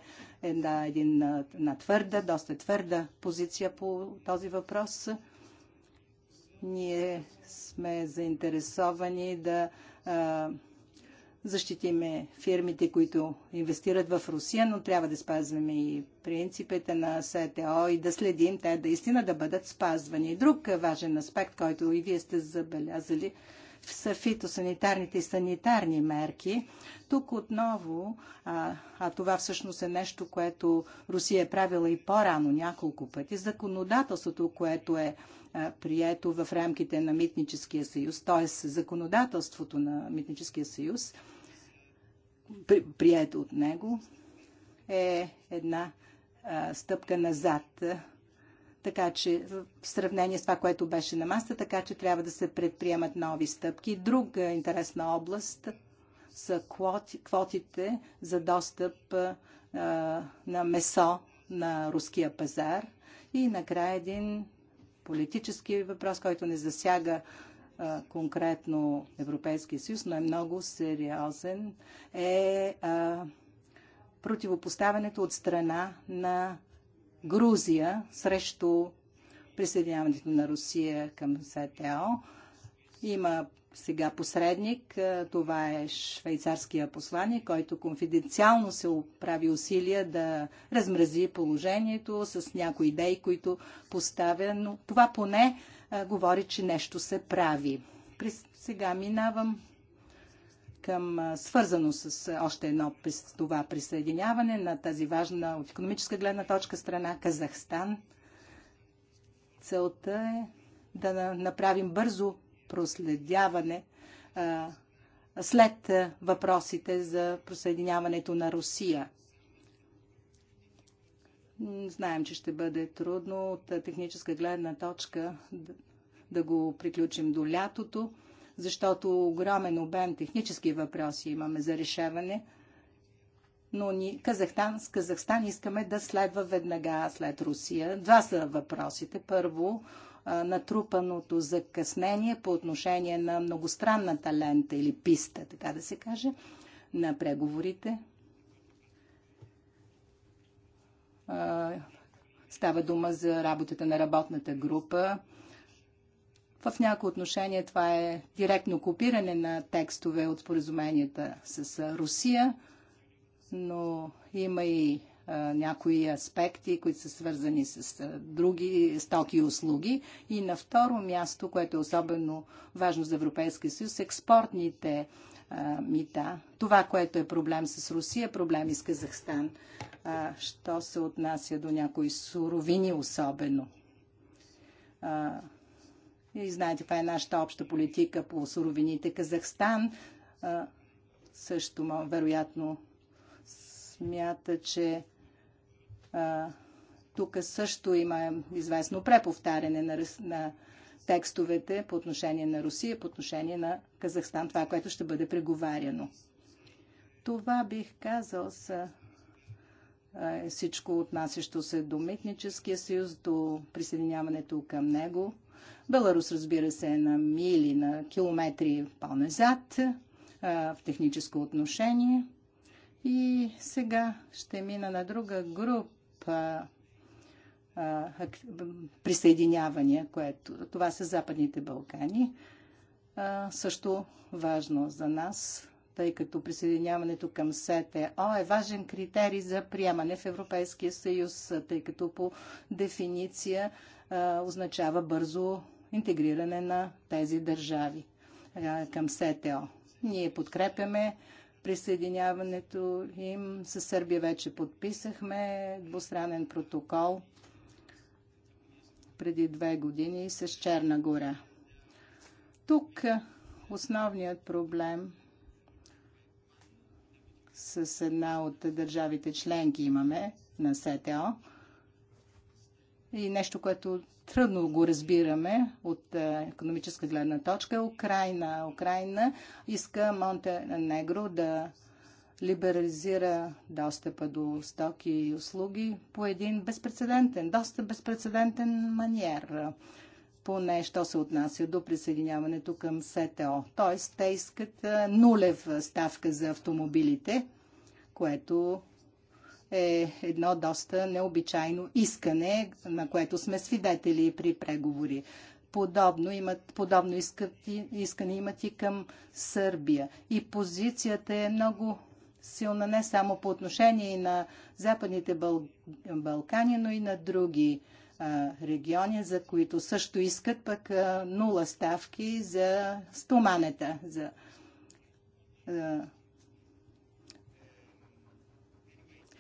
една, един, една твърда, доста твърда позиция по този въпрос. Ние сме заинтересовани да а, защитиме фирмите, които инвестират в Русия, но трябва да спазваме и принципите на СТО и да следим те да истина да бъдат спазвани. Друг важен аспект, който и вие сте забелязали, са фитосанитарните и санитарни мерки. Тук отново, а, а това всъщност е нещо, което Русия е правила и по-рано няколко пъти, законодателството, което е а, прието в рамките на Митническия съюз, т.е. законодателството на Митническия съюз, при, прието от него, е една а, стъпка назад така че в сравнение с това, което беше на маса, така че трябва да се предприемат нови стъпки. Друга интересна област са квоти, квотите за достъп а, на месо на руския пазар. И накрая един политически въпрос, който не засяга а, конкретно Европейския съюз, но е много сериозен, е а, противопоставянето от страна на Грузия срещу присъединяването на Русия към СТО. Има сега посредник, това е швейцарския посланник, който конфиденциално се прави усилия да размрази положението с някои идеи, които поставя, но това поне говори, че нещо се прави. Сега минавам към свързано с още едно това присъединяване на тази важна от економическа гледна точка страна Казахстан. Целта е да направим бързо проследяване а, след въпросите за присъединяването на Русия. Знаем, че ще бъде трудно от техническа гледна точка да, да го приключим до лятото защото огромен обем технически въпроси имаме за решаване. Но ни, Казахстан, с Казахстан искаме да следва веднага след Русия. Два са въпросите. Първо, натрупаното закъснение по отношение на многостранната лента или писта, така да се каже, на преговорите. Става дума за работата на работната група в някои отношения това е директно копиране на текстове от споразуменията с Русия, но има и някои аспекти, които са свързани с други стоки и услуги. И на второ място, което е особено важно за Европейския съюз, експортните мита. Това, което е проблем с Русия, проблем и с Казахстан, а, що се отнася до някои суровини особено. А, и знаете, това е нашата обща политика по суровините. Казахстан а, също, вероятно, смята, че а, тук също има известно преповтаряне на, на текстовете по отношение на Русия, по отношение на Казахстан, това, което ще бъде преговаряно. Това бих казал с е всичко отнасящо се до Митническия съюз, до присъединяването към него. Беларус, разбира се, е на мили, на километри по-назад в техническо отношение. И сега ще мина на друга група а, присъединявания, което това са Западните Балкани. А, също важно за нас тъй като присъединяването към СТО е важен критерий за приемане в Европейския съюз, тъй като по дефиниция а, означава бързо интегриране на тези държави а, към СТО. Ние подкрепяме присъединяването им. С Сърбия вече подписахме двустранен протокол преди две години с Черна гора. Тук основният проблем с една от държавите членки имаме на СТО. И нещо, което трудно го разбираме от е, економическа гледна точка. Украина, Украина иска Монтенегро да либерализира достъпа до стоки и услуги по един безпредседентен, доста безпредседентен маниер поне що се отнася до присъединяването към СТО. Т.е. те искат нулев ставка за автомобилите, което е едно доста необичайно искане, на което сме свидетели при преговори. Подобно, имат, подобно искат, искане имат и към Сърбия. И позицията е много силна не само по отношение и на Западните Бал... Балкани, но и на други региони, за които също искат пък нула ставки за стоманета, за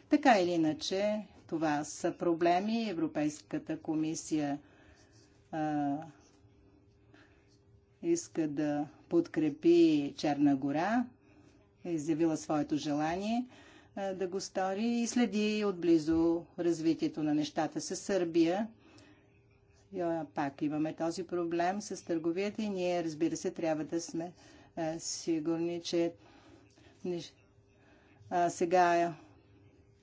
така или иначе, това са проблеми. Европейската комисия а, иска да подкрепи Черна гора, изявила своето желание. Е, да го стори и следи отблизо развитието на нещата с Сърбия. Пак имаме този проблем с търговията и ние, разбира се, трябва да сме е, сигурни, че сега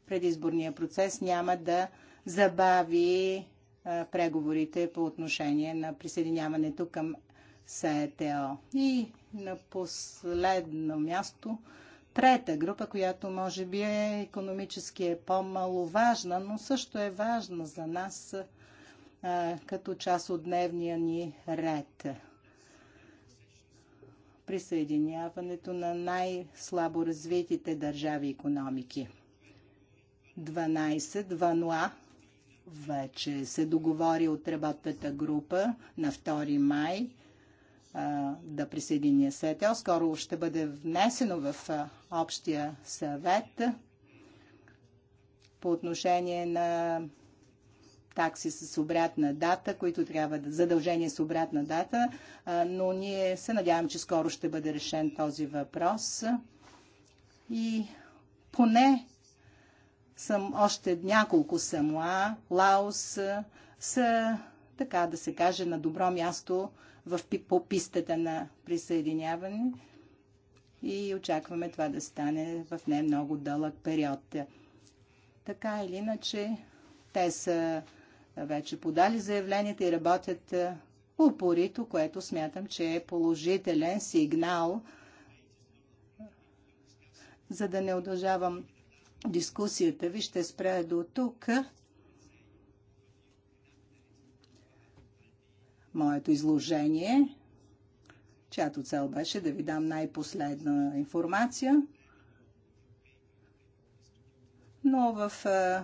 предизборния процес няма да забави преговорите по отношение на присъединяването към СЕТО. И на последно място трета група, която може би е економически е по-маловажна, но също е важна за нас а, като част от дневния ни ред. Присъединяването на най-слабо развитите държави економики. 12 Вануа вече се договори от работната група на 2 май да присъединя СТО. Скоро ще бъде внесено в общия съвет по отношение на такси с обратна дата, които трябва да задължение с обратна дата, но ние се надявам, че скоро ще бъде решен този въпрос. И поне съм още няколко самоа, Лаос са, така да се каже, на добро място в, по пистата на присъединяване и очакваме това да стане в не много дълъг период. Така или иначе, те са вече подали заявленията и работят упорито, което смятам, че е положителен сигнал, за да не удължавам дискусията ви, ще спра до тук. Моето изложение чиято цел беше да ви дам най-последна информация. Но в е,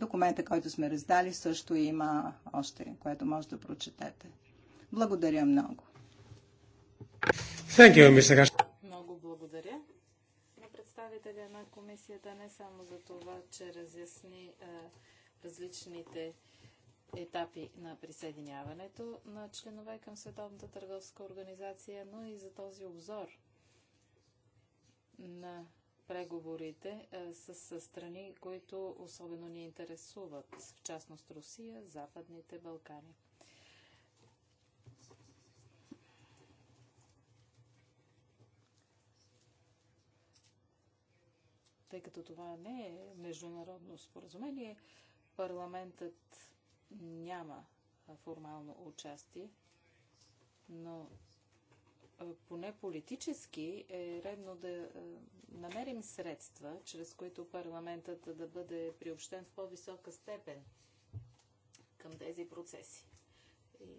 документа, който сме раздали, също има още, което може да прочетете. Благодаря много. Thank you, Mr. Много благодаря на представителя на комисията не само за това, че разясни е, различните етапи на присъединяването на членове към Световната търговска организация, но и за този обзор на преговорите с страни, които особено ни интересуват, в частност Русия, Западните Балкани. Тъй като това не е международно споразумение, парламентът няма формално участие, но поне политически е редно да намерим средства, чрез които парламентът да бъде приобщен в по-висока степен към тези процеси. И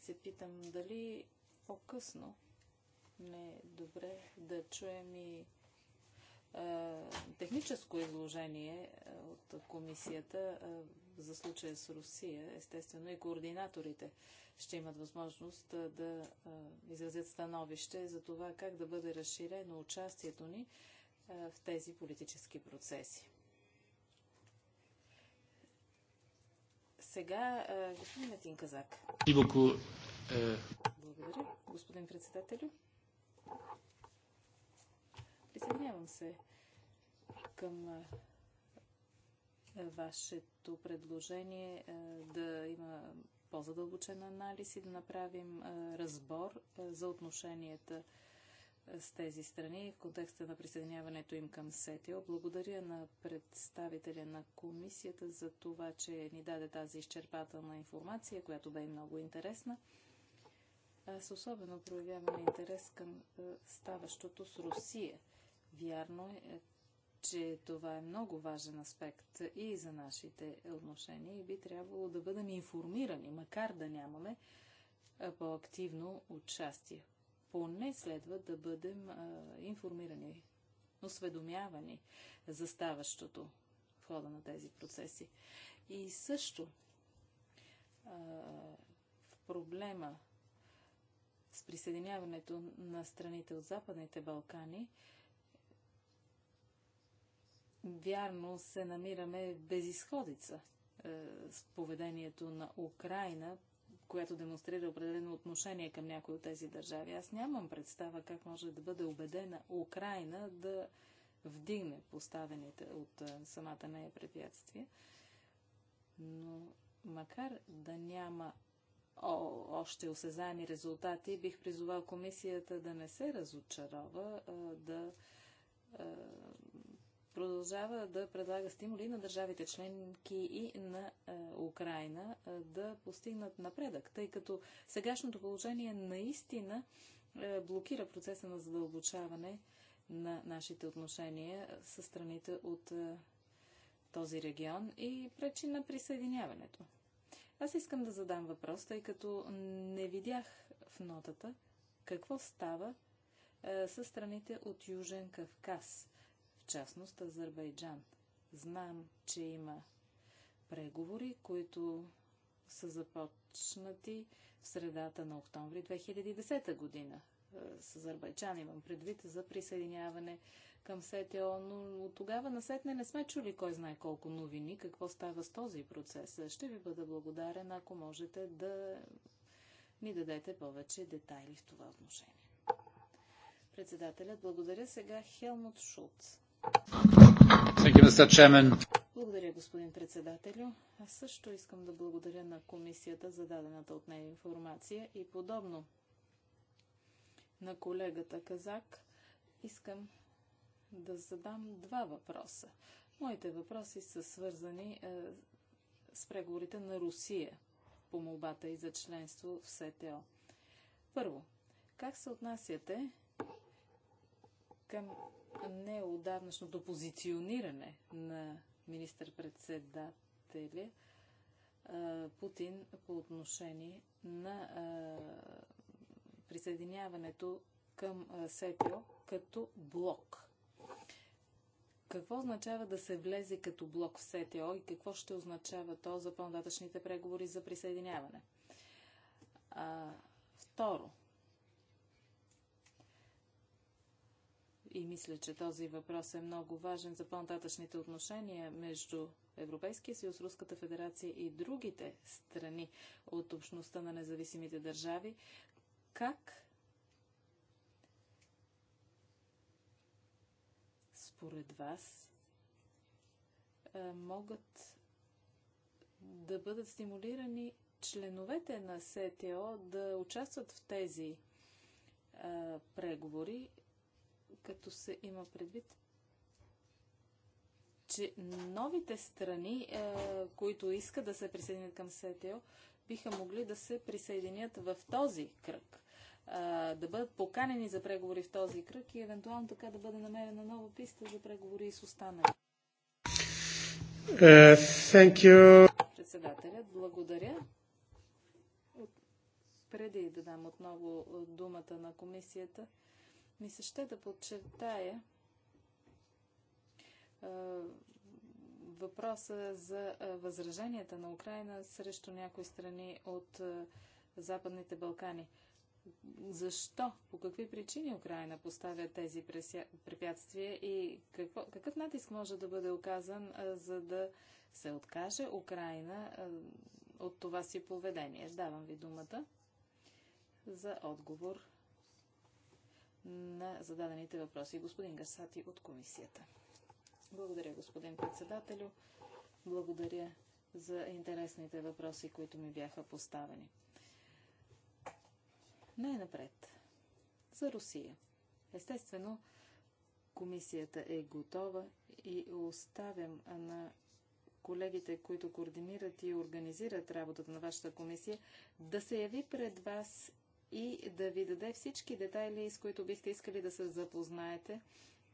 се питам дали по-късно не е добре да чуем и техническо изложение от комисията за случая с Русия, естествено и координаторите ще имат възможност да изразят становище за това как да бъде разширено участието ни в тези политически процеси. Сега господин Метин Казак. Е, Благодаря, господин председателю. Присъединявам се към вашето нашето предложение е, да има по-задълбочен анализ и да направим е, разбор е, за отношенията с тези страни в контекста на присъединяването им към СЕТИО. Благодаря на представителя на комисията за това, че ни даде тази изчерпателна информация, която бе и много интересна. Аз особено проявявам интерес към ставащото с Русия. Вярно е, че това е много важен аспект и за нашите отношения и би трябвало да бъдем информирани, макар да нямаме по-активно участие. Поне следва да бъдем а, информирани, осведомявани за ставащото в хода на тези процеси. И също а, в проблема с присъединяването на страните от Западните Балкани, вярно се намираме в безисходица е, с поведението на Украина, която демонстрира определено отношение към някои от тези държави. Аз нямам представа как може да бъде убедена Украина да вдигне поставените от е, самата нея препятствия. Но макар да няма о, още осезаеми резултати, бих призовал комисията да не се разочарова, е, да е, продължава да предлага стимули на държавите членки и на е, Украина е, да постигнат напредък, тъй като сегашното положение наистина е, блокира процеса на задълбочаване на нашите отношения с страните от този регион и пречи на присъединяването. Аз искам да задам въпрос, тъй като не видях в нотата какво става с страните от Южен Кавказ частност Азербайджан. Знам, че има преговори, които са започнати в средата на октомври 2010 година. Е, с Азербайджан имам предвид за присъединяване към СТО, но от тогава насетне не сме чули кой знае колко новини, какво става с този процес. Ще ви бъда благодарен, ако можете да ни дадете повече детайли в това отношение. Председателят благодаря сега Хелмут Шулц. Благодаря, господин председателю. Аз също искам да благодаря на комисията за дадената от нея информация и подобно на колегата Казак искам да задам два въпроса. Моите въпроси са свързани е, с преговорите на Русия по молбата и за членство в СТО. Първо, как се отнасяте към неодавнашното позициониране на министър-председателя Путин по отношение на присъединяването към СЕПИО като блок. Какво означава да се влезе като блок в СТО и какво ще означава то за по-нататъчните преговори за присъединяване? А, второ, и мисля, че този въпрос е много важен за по-нататъчните отношения между Европейския съюз, Руската федерация и другите страни от общността на независимите държави. Как според вас могат да бъдат стимулирани членовете на СТО да участват в тези преговори като се има предвид, че новите страни, е, които искат да се присъединят към СТО, биха могли да се присъединят в този кръг е, да бъдат поканени за преговори в този кръг и евентуално така да бъде намерена нова писта за преговори и с останали. Uh, Председателят, благодаря. От... Преди да дам отново думата на комисията, ми се ще да подчертая въпроса за възраженията на Украина срещу някои страни от Западните Балкани. Защо? По какви причини Украина поставя тези препятствия и какво, какъв натиск може да бъде оказан, за да се откаже Украина от това си поведение? Давам ви думата за отговор на зададените въпроси. Господин Гасати от комисията. Благодаря, господин председателю. Благодаря за интересните въпроси, които ми бяха поставени. Най-напред. За Русия. Естествено, комисията е готова и оставям на колегите, които координират и организират работата на вашата комисия, да се яви пред вас и да ви даде всички детайли, с които бихте искали да се запознаете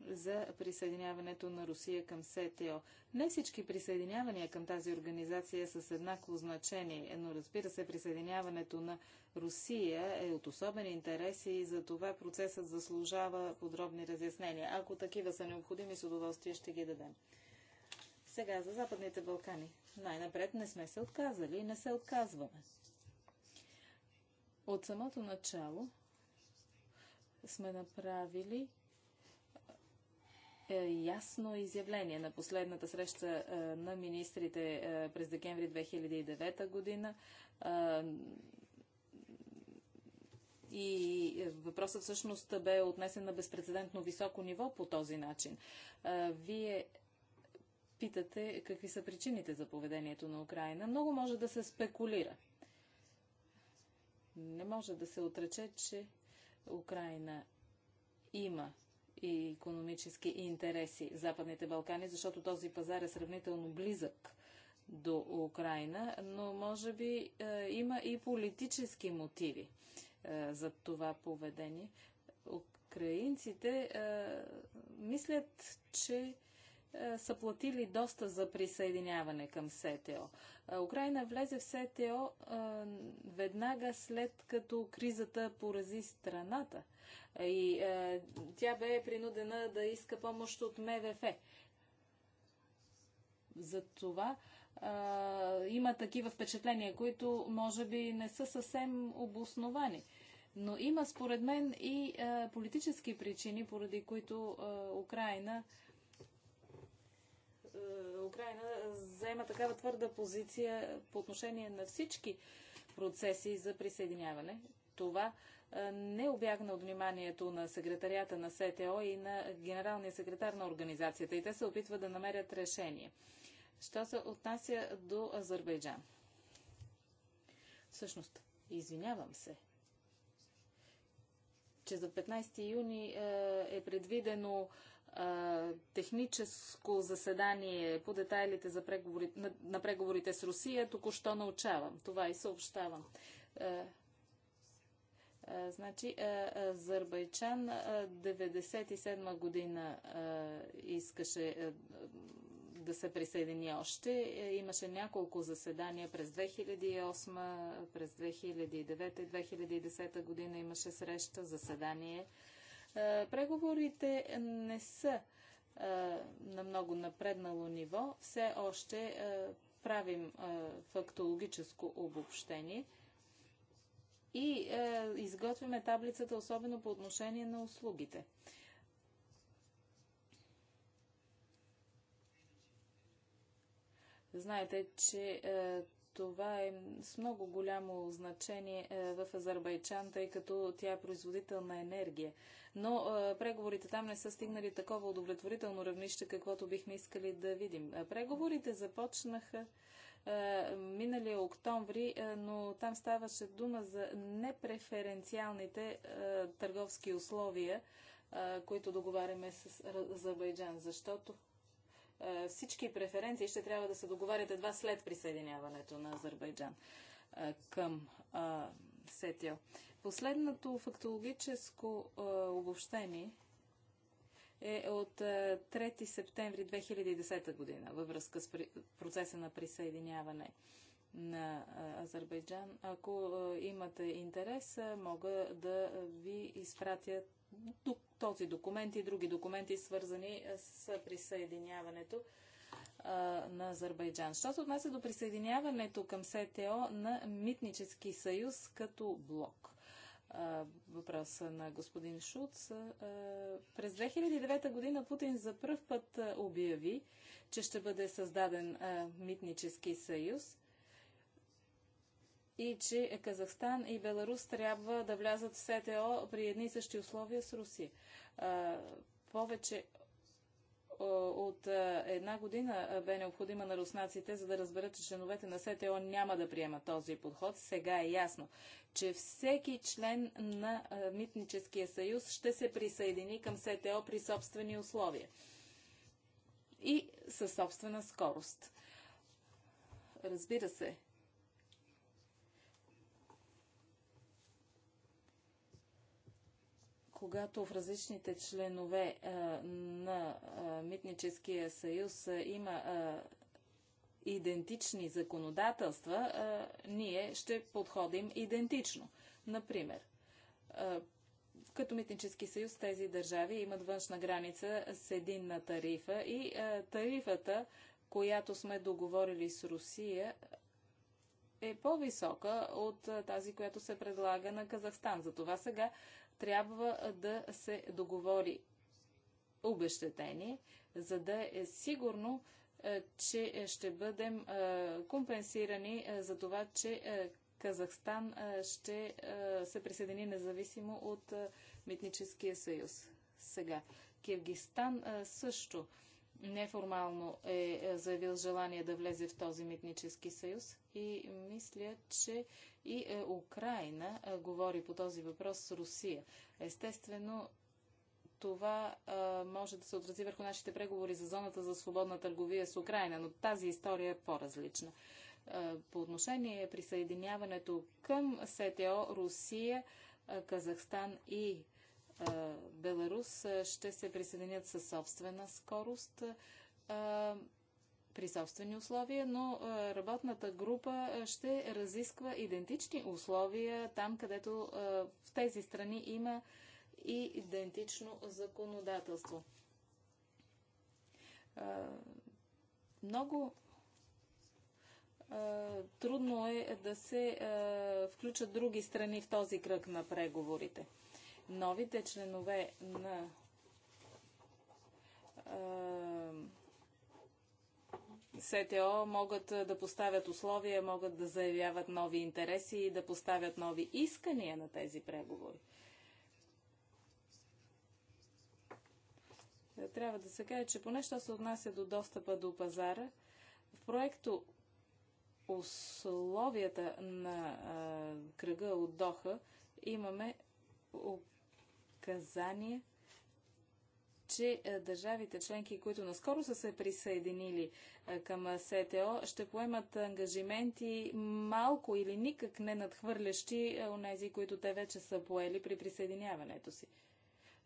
за присъединяването на Русия към СТО. Не всички присъединявания към тази организация са с еднакво значение, но разбира се, присъединяването на Русия е от особен интерес и за това процесът заслужава подробни разяснения. Ако такива са необходими, с удоволствие ще ги дадем. Сега за Западните Балкани. Най-напред не сме се отказали и не се отказваме. От самото начало сме направили е, ясно изявление на последната среща е, на министрите е, през декември 2009 година. и въпросът всъщност бе отнесен на безпредседентно високо ниво по този начин. Вие питате какви са причините за поведението на Украина. Много може да се спекулира не може да се отрече, че Украина има и економически интереси в Западните Балкани, защото този пазар е сравнително близък до Украина, но може би е, има и политически мотиви е, за това поведение. Украинците е, мислят, че е, са платили доста за присъединяване към СТО. Е, Украина влезе в СТО е, веднага след като кризата порази страната и тя бе принудена да иска помощ от МВФ. Затова има такива впечатления, които може би не са съвсем обосновани. Но има според мен и политически причини, поради които Украина е, Украина заема такава твърда позиция по отношение на всички процеси за присъединяване. Това е, не обягна от вниманието на секретарията на СТО и на генералния секретар на организацията и те се опитват да намерят решение. Що се отнася до Азербайджан? Всъщност, извинявам се, че за 15 юни е, е предвидено техническо заседание по детайлите за преговори, на, на преговорите с Русия току-що научавам. Това и съобщавам. А, а, значи, Азербайджан 97 година искаше да се присъедини още. Е, имаше няколко заседания през 2008, през 2009 и 2010 година имаше среща, заседание. Е, преговорите не са е, на много напреднало ниво. Все още е, правим фактологическо обобщение и изготвяме таблицата, особено по отношение на услугите. Знаете, че това е с много голямо значение е, в Азербайджан, тъй като тя е производител на енергия. Но е, преговорите там не са стигнали такова удовлетворително равнище, каквото бихме искали да видим. Е, преговорите започнаха миналия октомври, но там ставаше дума за непреференциалните търговски условия, които договаряме с Азербайджан, защото е, всички преференции ще трябва да се договарят едва след присъединяването на Азербайджан е, към СЕТИО. Последното фактологическо е, обобщение е от 3 септември 2010 година във връзка с процеса на присъединяване на Азербайджан. Ако имате интерес, мога да ви изпратят този документ и други документи, свързани е, с присъединяването е, на Азербайджан. Що се отнася до присъединяването към СТО на Митнически съюз като блок? Е, въпроса на господин Шуц. През 2009 година Путин за първ път обяви, че ще бъде създаден Митнически съюз и че Казахстан и Беларус трябва да влязат в СТО при едни и същи условия с Русия. повече от една година бе необходима на руснаците, за да разберат, че членовете на СТО няма да приемат този подход. Сега е ясно, че всеки член на Митническия съюз ще се присъедини към СТО при собствени условия и със собствена скорост. Разбира се, когато в различните членове а, на а, Митническия съюз а, има идентични законодателства, ние ще подходим идентично. Например, като Митнически съюз тези държави имат външна граница с единна тарифа и тарифата, която сме договорили с Русия, е по-висока от тази, която се предлага на Казахстан. Затова сега трябва да се договори обещетение, за да е сигурно, че ще бъдем компенсирани за това, че Казахстан ще се присъедини независимо от Митническия съюз. Сега, Киргистан също неформално е, е заявил желание да влезе в този митнически съюз и мисля, че и е, Украина е, говори по този въпрос с Русия. Естествено, това е, може да се отрази върху нашите преговори за зоната за свободна търговия с Украина, но тази история е по-различна. Е, по отношение присъединяването към СТО, Русия, Казахстан и Беларус ще се присъединят със собствена скорост при собствени условия, но работната група ще разисква идентични условия там, където в тези страни има и идентично законодателство. Много трудно е да се включат други страни в този кръг на преговорите. Новите членове на СТО могат да поставят условия, могат да заявяват нови интереси и да поставят нови искания на тези преговори. Е, трябва да се каже, че поне що се отнася до достъпа до пазара, в проекто условията на а, кръга от Доха имаме указание че е, държавите членки, които наскоро са се присъединили е, към е, СТО, ще поемат ангажименти малко или никак не надхвърлящи онези, които те вече са поели при присъединяването си.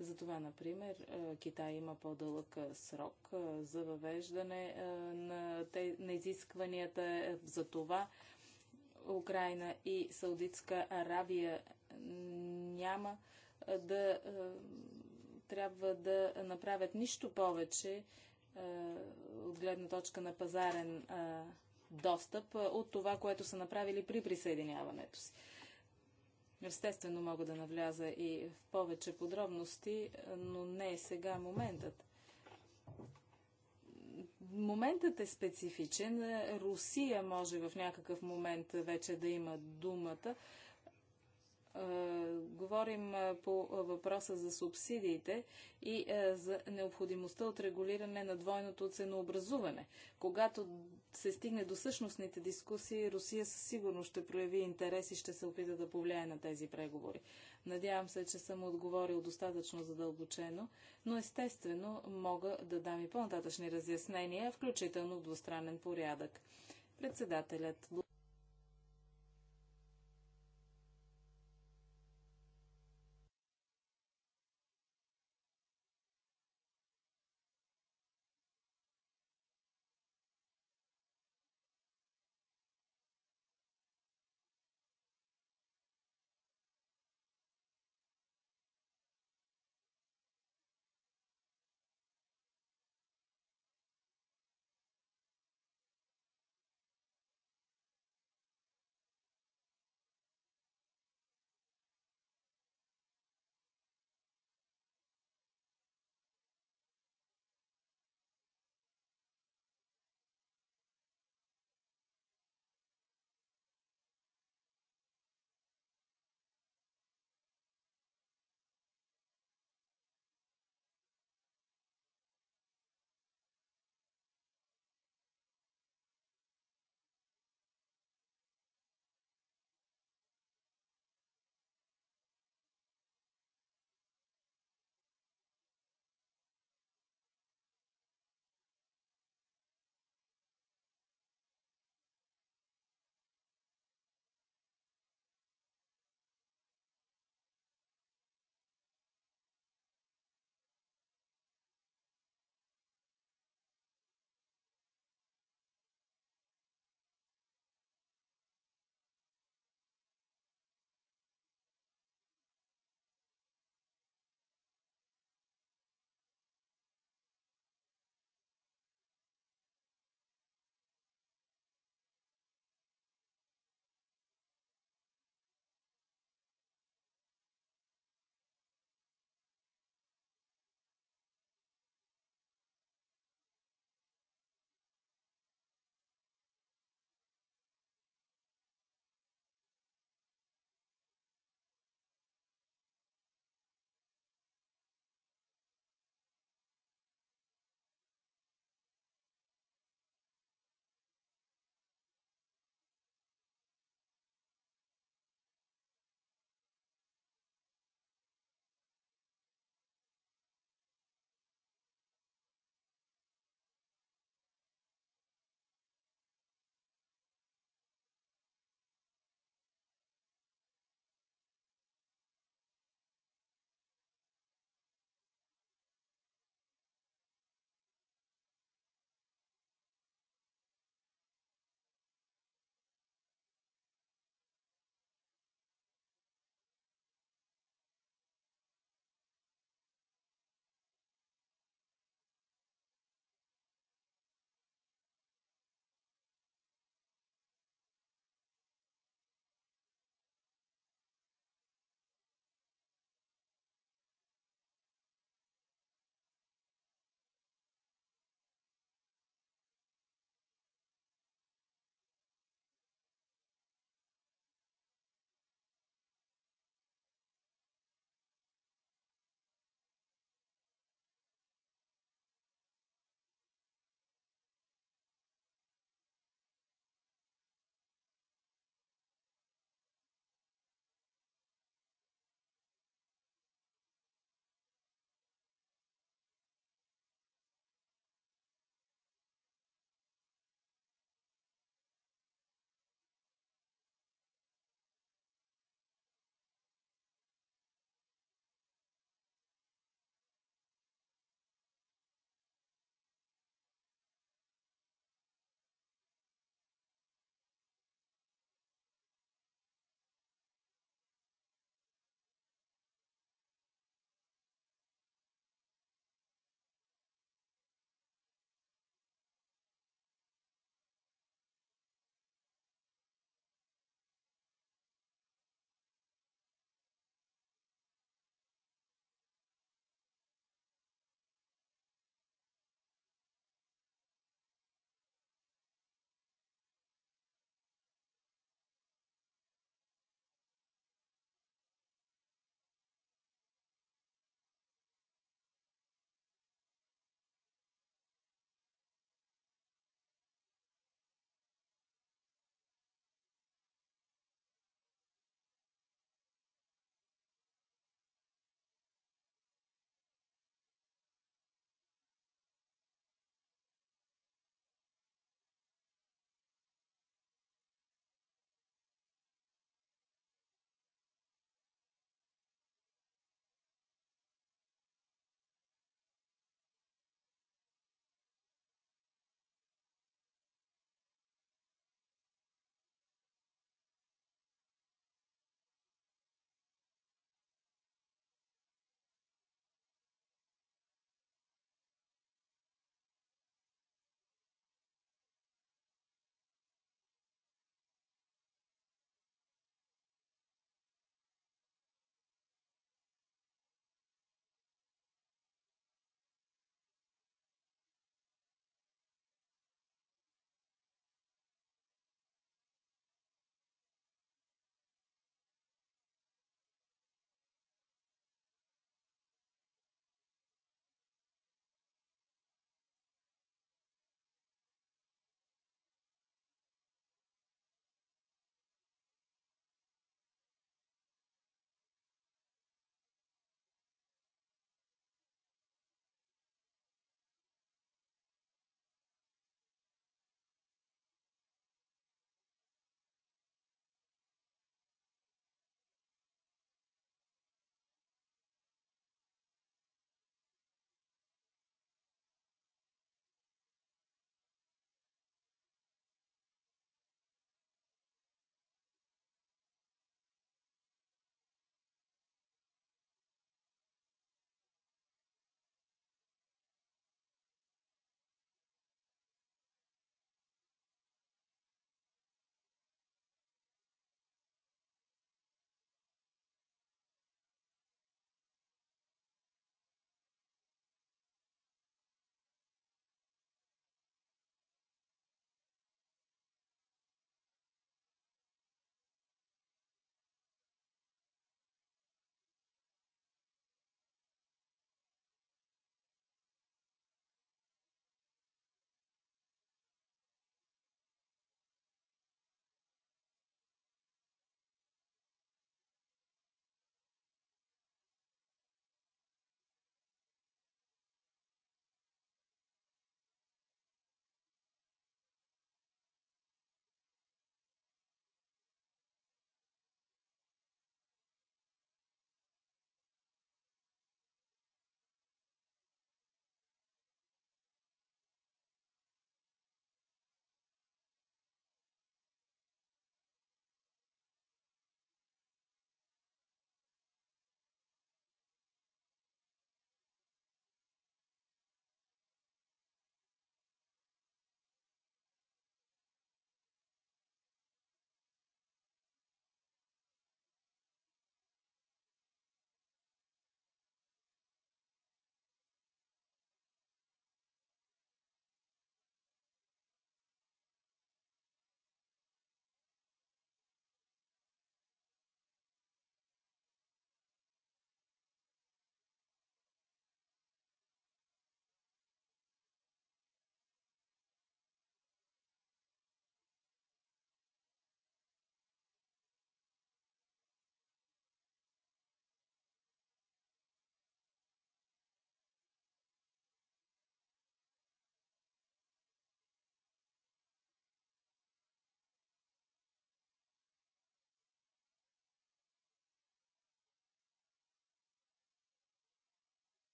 Затова, например, Китай има по-дълъг срок за въвеждане на, те, на изискванията за това. Украина и Саудитска Аравия няма да трябва да направят нищо повече е, от гледна точка на пазарен е, достъп е, от това, което са направили при присъединяването си. Естествено мога да навляза и в повече подробности, но не е сега моментът. Моментът е специфичен. Русия може в някакъв момент вече да има думата. Е, говорим е, по въпроса за субсидиите и е, за необходимостта от регулиране на двойното ценообразуване. Когато се стигне до същностните дискусии, Русия със сигурност ще прояви интерес и ще се опита да повлияе на тези преговори. Надявам се, че съм отговорил достатъчно задълбочено, но естествено мога да дам и по-нататъчни разяснения, включително в двустранен порядък. Председателят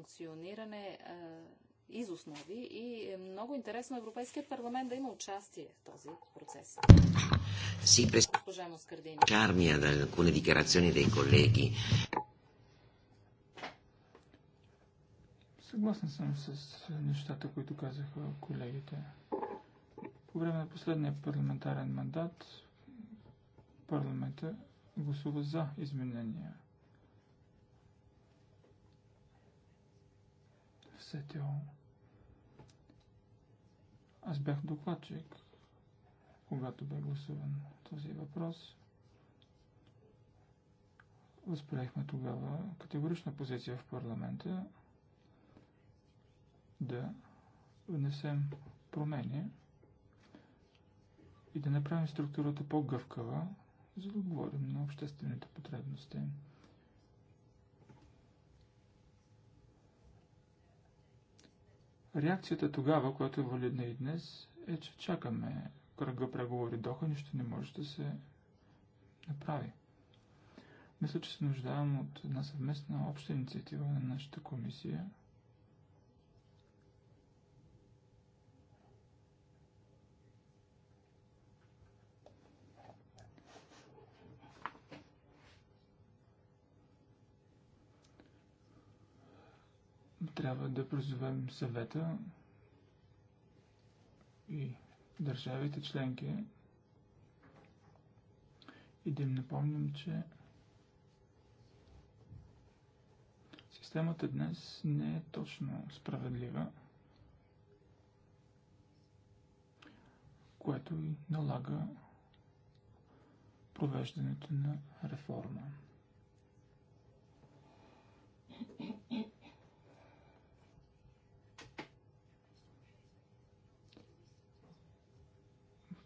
функциониране е, из основи и е много интересно Европейският парламент да има участие в този процес. Си, през... Госпожа Sì, presentarmi ad alcune dichiarazioni dei колеги. Съгласен съм с нещата, които казаха колегите. По време на последния парламентарен мандат парламента гласува за изменения сетил. Аз бях докладчик, когато бе гласуван този въпрос. Възприехме тогава категорична позиция в парламента да внесем промени и да направим структурата по-гъвкава, за да говорим на обществените потребности. Реакцията тогава, която е валидна и днес, е, че чакаме кръга преговори доха, нищо не може да се направи. Мисля, че се нуждаем от една съвместна обща инициатива на нашата комисия трябва да призовем съвета и държавите членки и да им напомним, че системата днес не е точно справедлива, което и налага провеждането на реформа.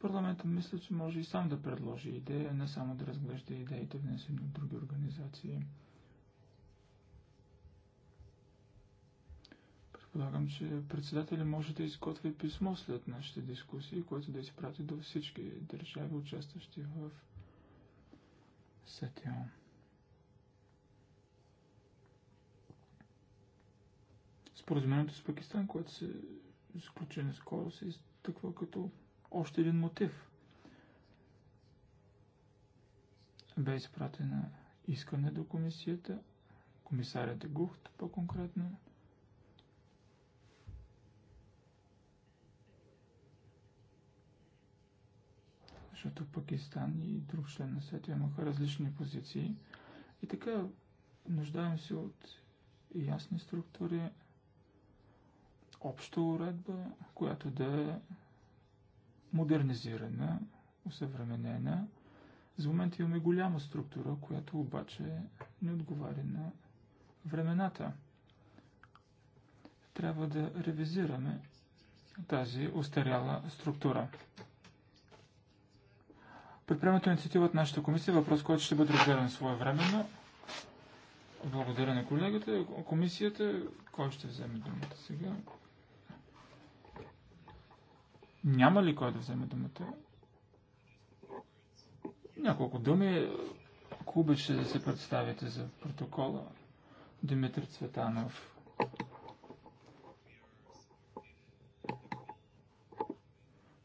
Парламентът мисля, че може и сам да предложи идея, не само да разглежда идеите внесени от други организации. Предполагам, че председателя може да изготви писмо след нашите дискусии, което да изпрати до всички държави, участващи в СТО. Споразумението с Пакистан, което се изключи наскоро, се изтъква като още един мотив. Бе изпратена искане до комисията, комисарят е Гухт по-конкретно. Защото Пакистан и друг член на света имаха различни позиции. И така, нуждаем се от ясни структури, обща уредба, която да е модернизирана, усъвременена. За момента имаме голяма структура, която обаче не отговаря на времената. Трябва да ревизираме тази устаряла структура. Предприемането инициатива от нашата комисия въпрос, който ще бъде разгледан своевременно. Благодаря на колегата. Комисията, кой ще вземе думата сега? Няма ли кой да вземе думата? Няколко думи, ако обичате да се представите за протокола. Димитър Цветанов.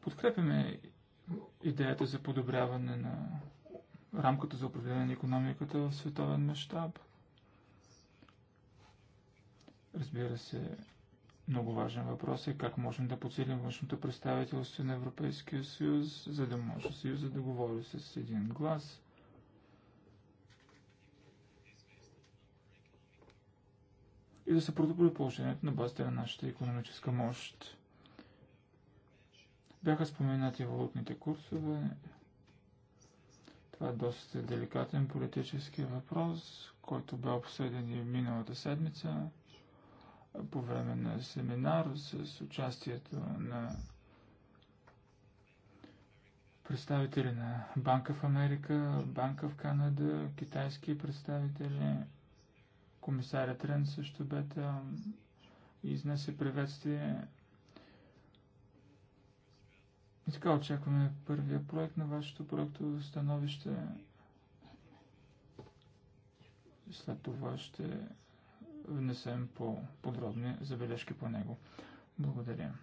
Подкрепяме идеята за подобряване на рамката за управление на економиката в световен мащаб. Разбира се, много важен въпрос е как можем да подсилим външното представителство на Европейския съюз, за да може съюза да говори с един глас. И да се продобри положението на базата на нашата економическа мощ. Бяха споменати валутните курсове. Това е доста деликатен политически въпрос, който бе обсъден и миналата седмица по време на семинар с участието на представители на Банка в Америка, Банка в Канада, китайски представители. Комисаря Трен също бе там и изнесе приветствие. И така очакваме първия проект на вашето проекто становище. След това ще внесем по-подробни забележки по него. Благодаря.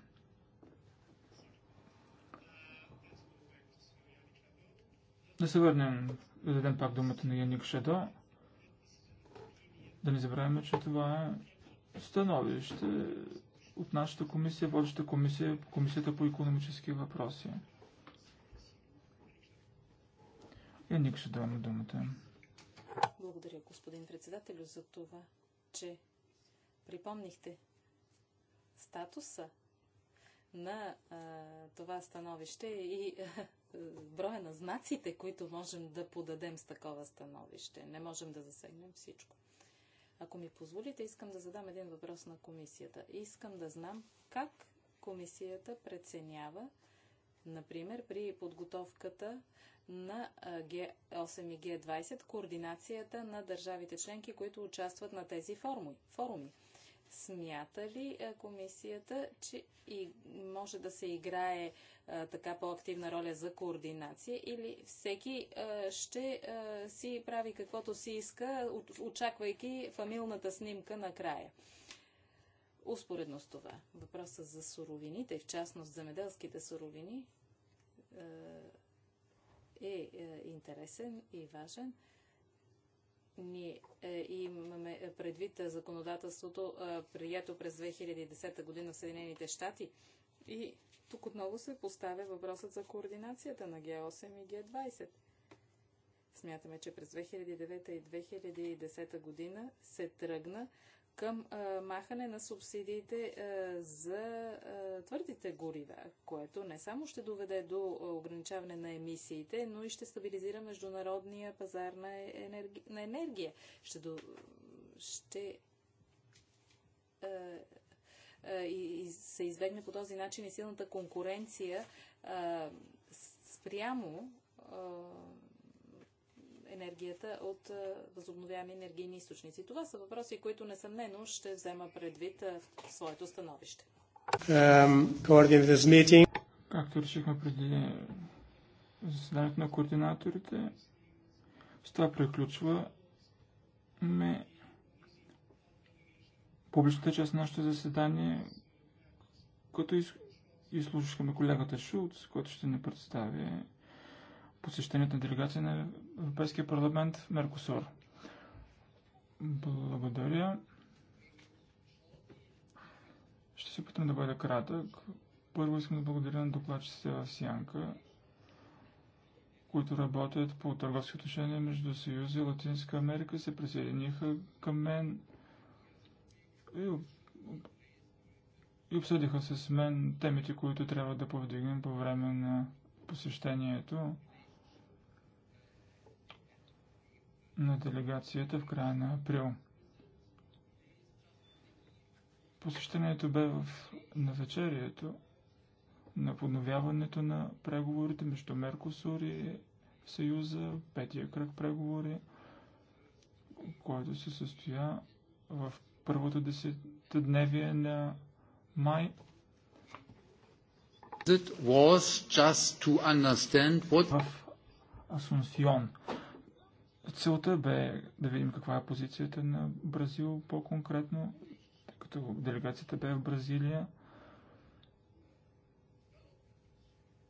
Да се върнем, да дадем пак думата на Яник Шадо. Да не забравяме, че това е становище от нашата комисия, водещата комисия, комисията по економически въпроси. Яник Шадо има думата. Благодаря, господин председателю, за това, че припомнихте статуса на а, това становище и а, броя на знаците, които можем да подадем с такова становище. Не можем да засегнем всичко. Ако ми позволите, искам да задам един въпрос на комисията. Искам да знам как комисията преценява Например, при подготовката на g 8 и Г20, координацията на държавите членки, които участват на тези форуми. Смята ли комисията, че и може да се играе така по-активна роля за координация или всеки ще си прави каквото си иска, очаквайки фамилната снимка накрая? Успоредно с това, въпросът за суровините, в частност земеделските суровини, е, е интересен и важен. Ние е, имаме предвид законодателството, е, прието през 2010 година в Съединените щати. И тук отново се поставя въпросът за координацията на Г8 и Г20. Смятаме, че през 2009 и 2010 година се тръгна към а, махане на субсидиите а, за а, твърдите горива, което не само ще доведе до ограничаване на емисиите, но и ще стабилизира международния пазар на, енерги... на енергия. Ще, до... ще и, и се избегне по този начин и силната конкуренция спрямо енергията от е, възобновяеми енергийни източници. Това са въпроси, които несъмнено ще взема предвид е, в своето становище. Um, Както решихме преди заседанието на координаторите, с това приключваме публичната част на нашето заседание, като изслушахме колегата Шулц, който ще ни представи посещението на делегация на Европейския парламент в Меркосур. Благодаря. Ще се опитам да бъда кратък. Първо искам да благодаря на докладчиците Сянка, които работят по търговски отношения между Съюза и Латинска Америка, се присъединиха към мен и, и обсъдиха с мен темите, които трябва да повдигнем по време на посещението. на делегацията в края на април. Посещението бе в навечерието на подновяването на преговорите между Меркосур и Съюза, петия кръг преговори, който се състоя в първото десетдневие на май. It was just to understand what... В Асунсион. Целта бе да видим каква е позицията на Бразил по-конкретно, тъй като делегацията бе в Бразилия.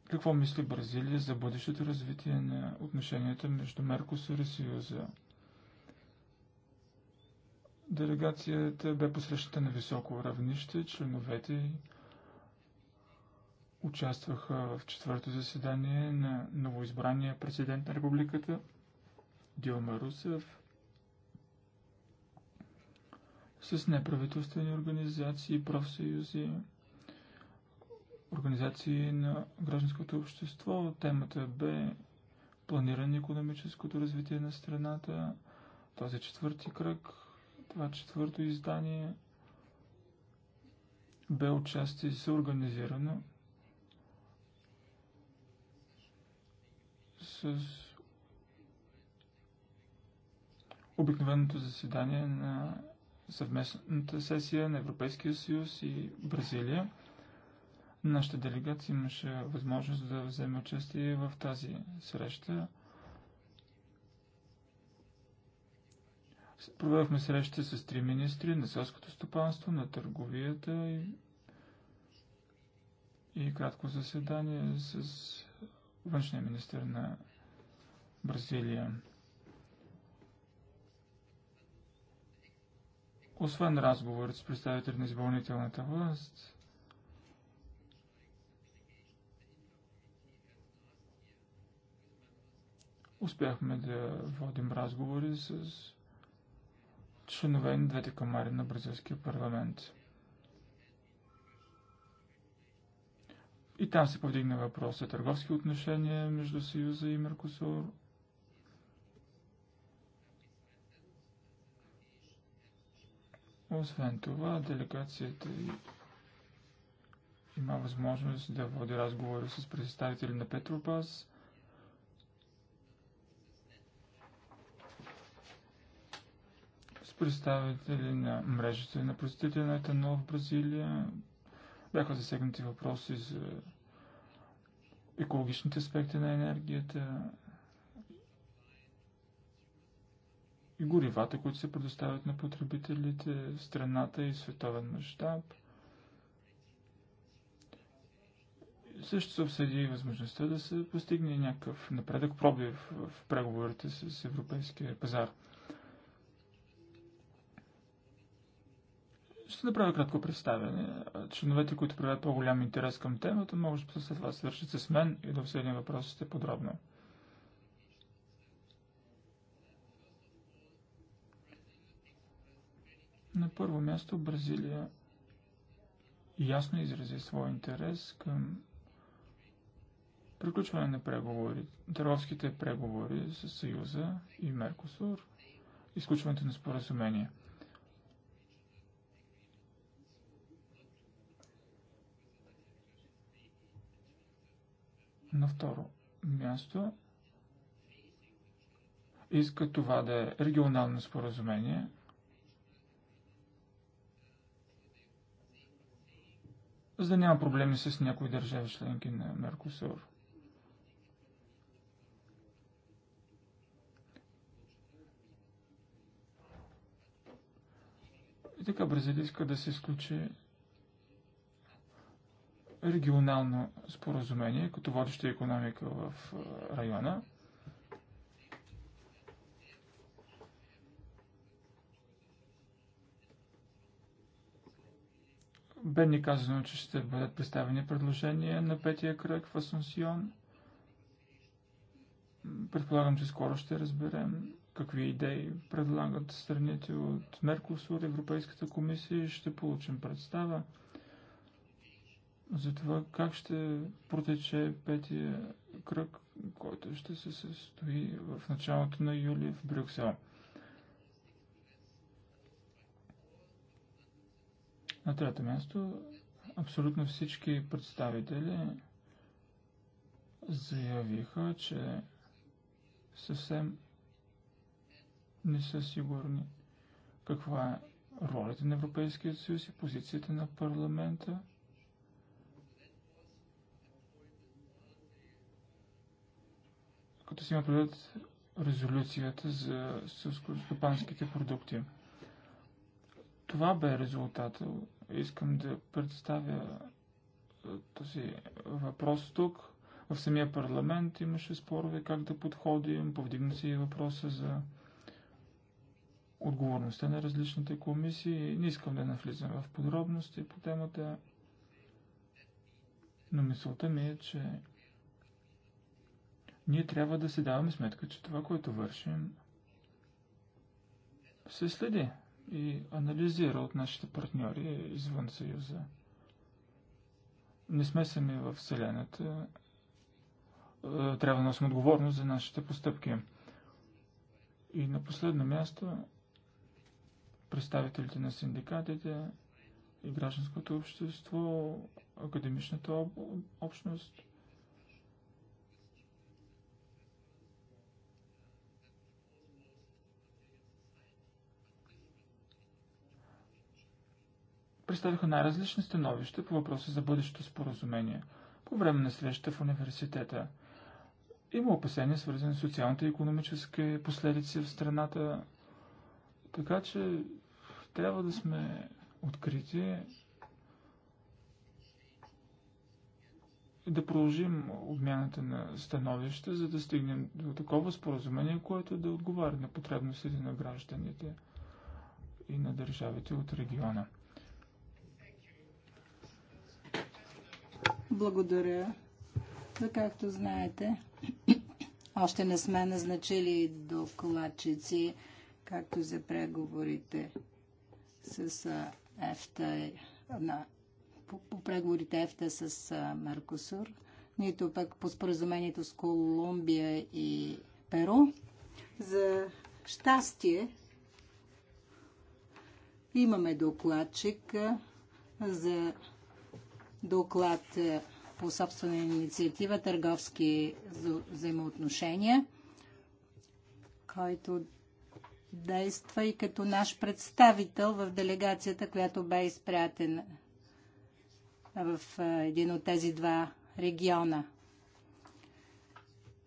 Какво мисли Бразилия за бъдещето развитие на отношенията между Меркосур и Съюза? Делегацията бе посрещата на високо равнище, членовете участваха в четвърто заседание на новоизбрания президент на републиката – Дилма Русев, с неправителствени организации, профсъюзи, организации на гражданското общество. Темата бе планиране економическото развитие на страната. Този е четвърти кръг, това е четвърто издание бе участие се организирано с обикновеното заседание на съвместната сесия на Европейския съюз и Бразилия. Нашата делегация имаше възможност да вземе участие в тази среща. Проведохме среща с три министри на селското стопанство, на търговията и, и кратко заседание с външния министр на Бразилия. Освен разговорът с представител на изпълнителната власт, успяхме да водим разговори с членове на двете камари на бразилския парламент. И там се повдигна въпроса търговски отношения между Съюза и Меркосур – Освен това, делегацията има възможност да води разговори с представители на Петропас. с представители на мрежата на простите на етанол в Бразилия. Бяха засегнати въпроси за екологичните аспекти на енергията, и горивата, които се предоставят на потребителите страната и световен мащаб. Също се обсъди и възможността да се постигне някакъв напредък, пробив в преговорите с европейския пазар. Ще направя кратко представяне. Членовете, които проявят по-голям интерес към темата, могат след това свършат с мен и да обсъдим въпросите подробно. На първо място Бразилия ясно изрази своя интерес към приключване на преговори, търговските преговори с Съюза и Меркосур, изключването на споразумение. На второ място иска това да е регионално споразумение – за да няма проблеми с някои държави членки на Меркосур. И така Бразилия иска да се изключи регионално споразумение като водеща економика в района – Бе ни казано, че ще бъдат представени предложения на петия кръг в Асунсион. Предполагам, че скоро ще разберем какви идеи предлагат страните от Меркосур, Европейската комисия и ще получим представа за това как ще протече петия кръг, който ще се състои в началото на юли в Брюксел. На трето място, абсолютно всички представители заявиха, че съвсем не са сигурни каква е ролята на Европейския съюз и позицията на парламента. Като си има предвид резолюцията за сълско-стопанските продукти. Това бе резултата Искам да представя е, този въпрос тук. В самия парламент имаше спорове как да подходим. Повдигна се и въпроса за отговорността на различните комисии. Не искам да навлизам в подробности по темата, но мисълта ми е, че ние трябва да се даваме сметка, че това, което вършим, се следи и анализира от нашите партньори извън Съюза. Не сме сами в Вселената. Е, трябва да носим отговорност за нашите постъпки. И на последно място представителите на синдикатите и гражданското общество, академичната общност – представиха най-различни становища по въпроса за бъдещето споразумение по време на среща в университета. Има опасения, свързани с социалните и економически последици в страната, така че трябва да сме открити и да продължим обмяната на становища, за да стигнем до такова споразумение, което да отговаря на потребностите на гражданите и на държавите от региона. Благодаря. Да, както знаете, още не сме назначили докладчици, както за преговорите с ЕФТА, на, по, по преговорите ЕФТА с Меркосур, нито пък по споразумението с Колумбия и Перу. За щастие имаме докладчик за доклад е, по собствена инициатива търговски взаимоотношения, който действа и като наш представител в делегацията, която бе изпратена в е, един от тези два региона,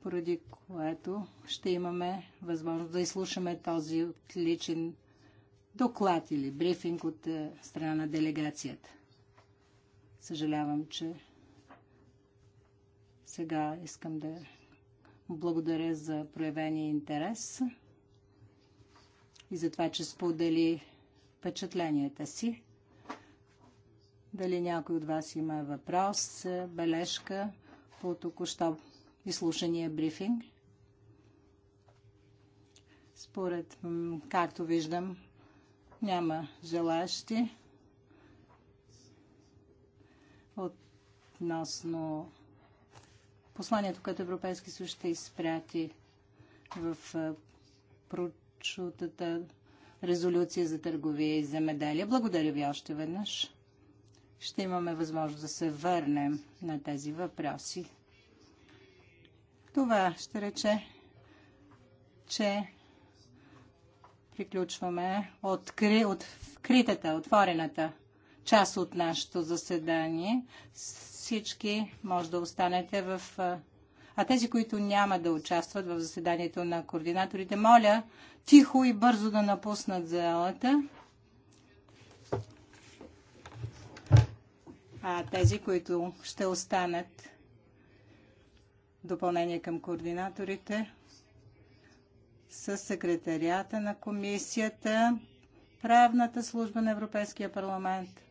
поради което ще имаме възможност да изслушаме този отличен доклад или брифинг от е, страна на делегацията. Съжалявам, че сега искам да благодаря за проявения интерес и за това, че сподели впечатленията си. Дали някой от вас има въпрос, бележка по току-що изслушания брифинг? Според, както виждам, няма желащи относно посланието, което Европейски съюз ще изпрати в прочутата резолюция за търговия и земеделие. Благодаря ви още веднъж. Ще имаме възможност да се върнем на тези въпроси. Това ще рече, че приключваме откри, откритата, отворената част от нашето заседание. Всички може да останете в. А тези, които няма да участват в заседанието на координаторите, моля тихо и бързо да напуснат залата. А тези, които ще останат, допълнение към координаторите, с секретарията на комисията, правната служба на Европейския парламент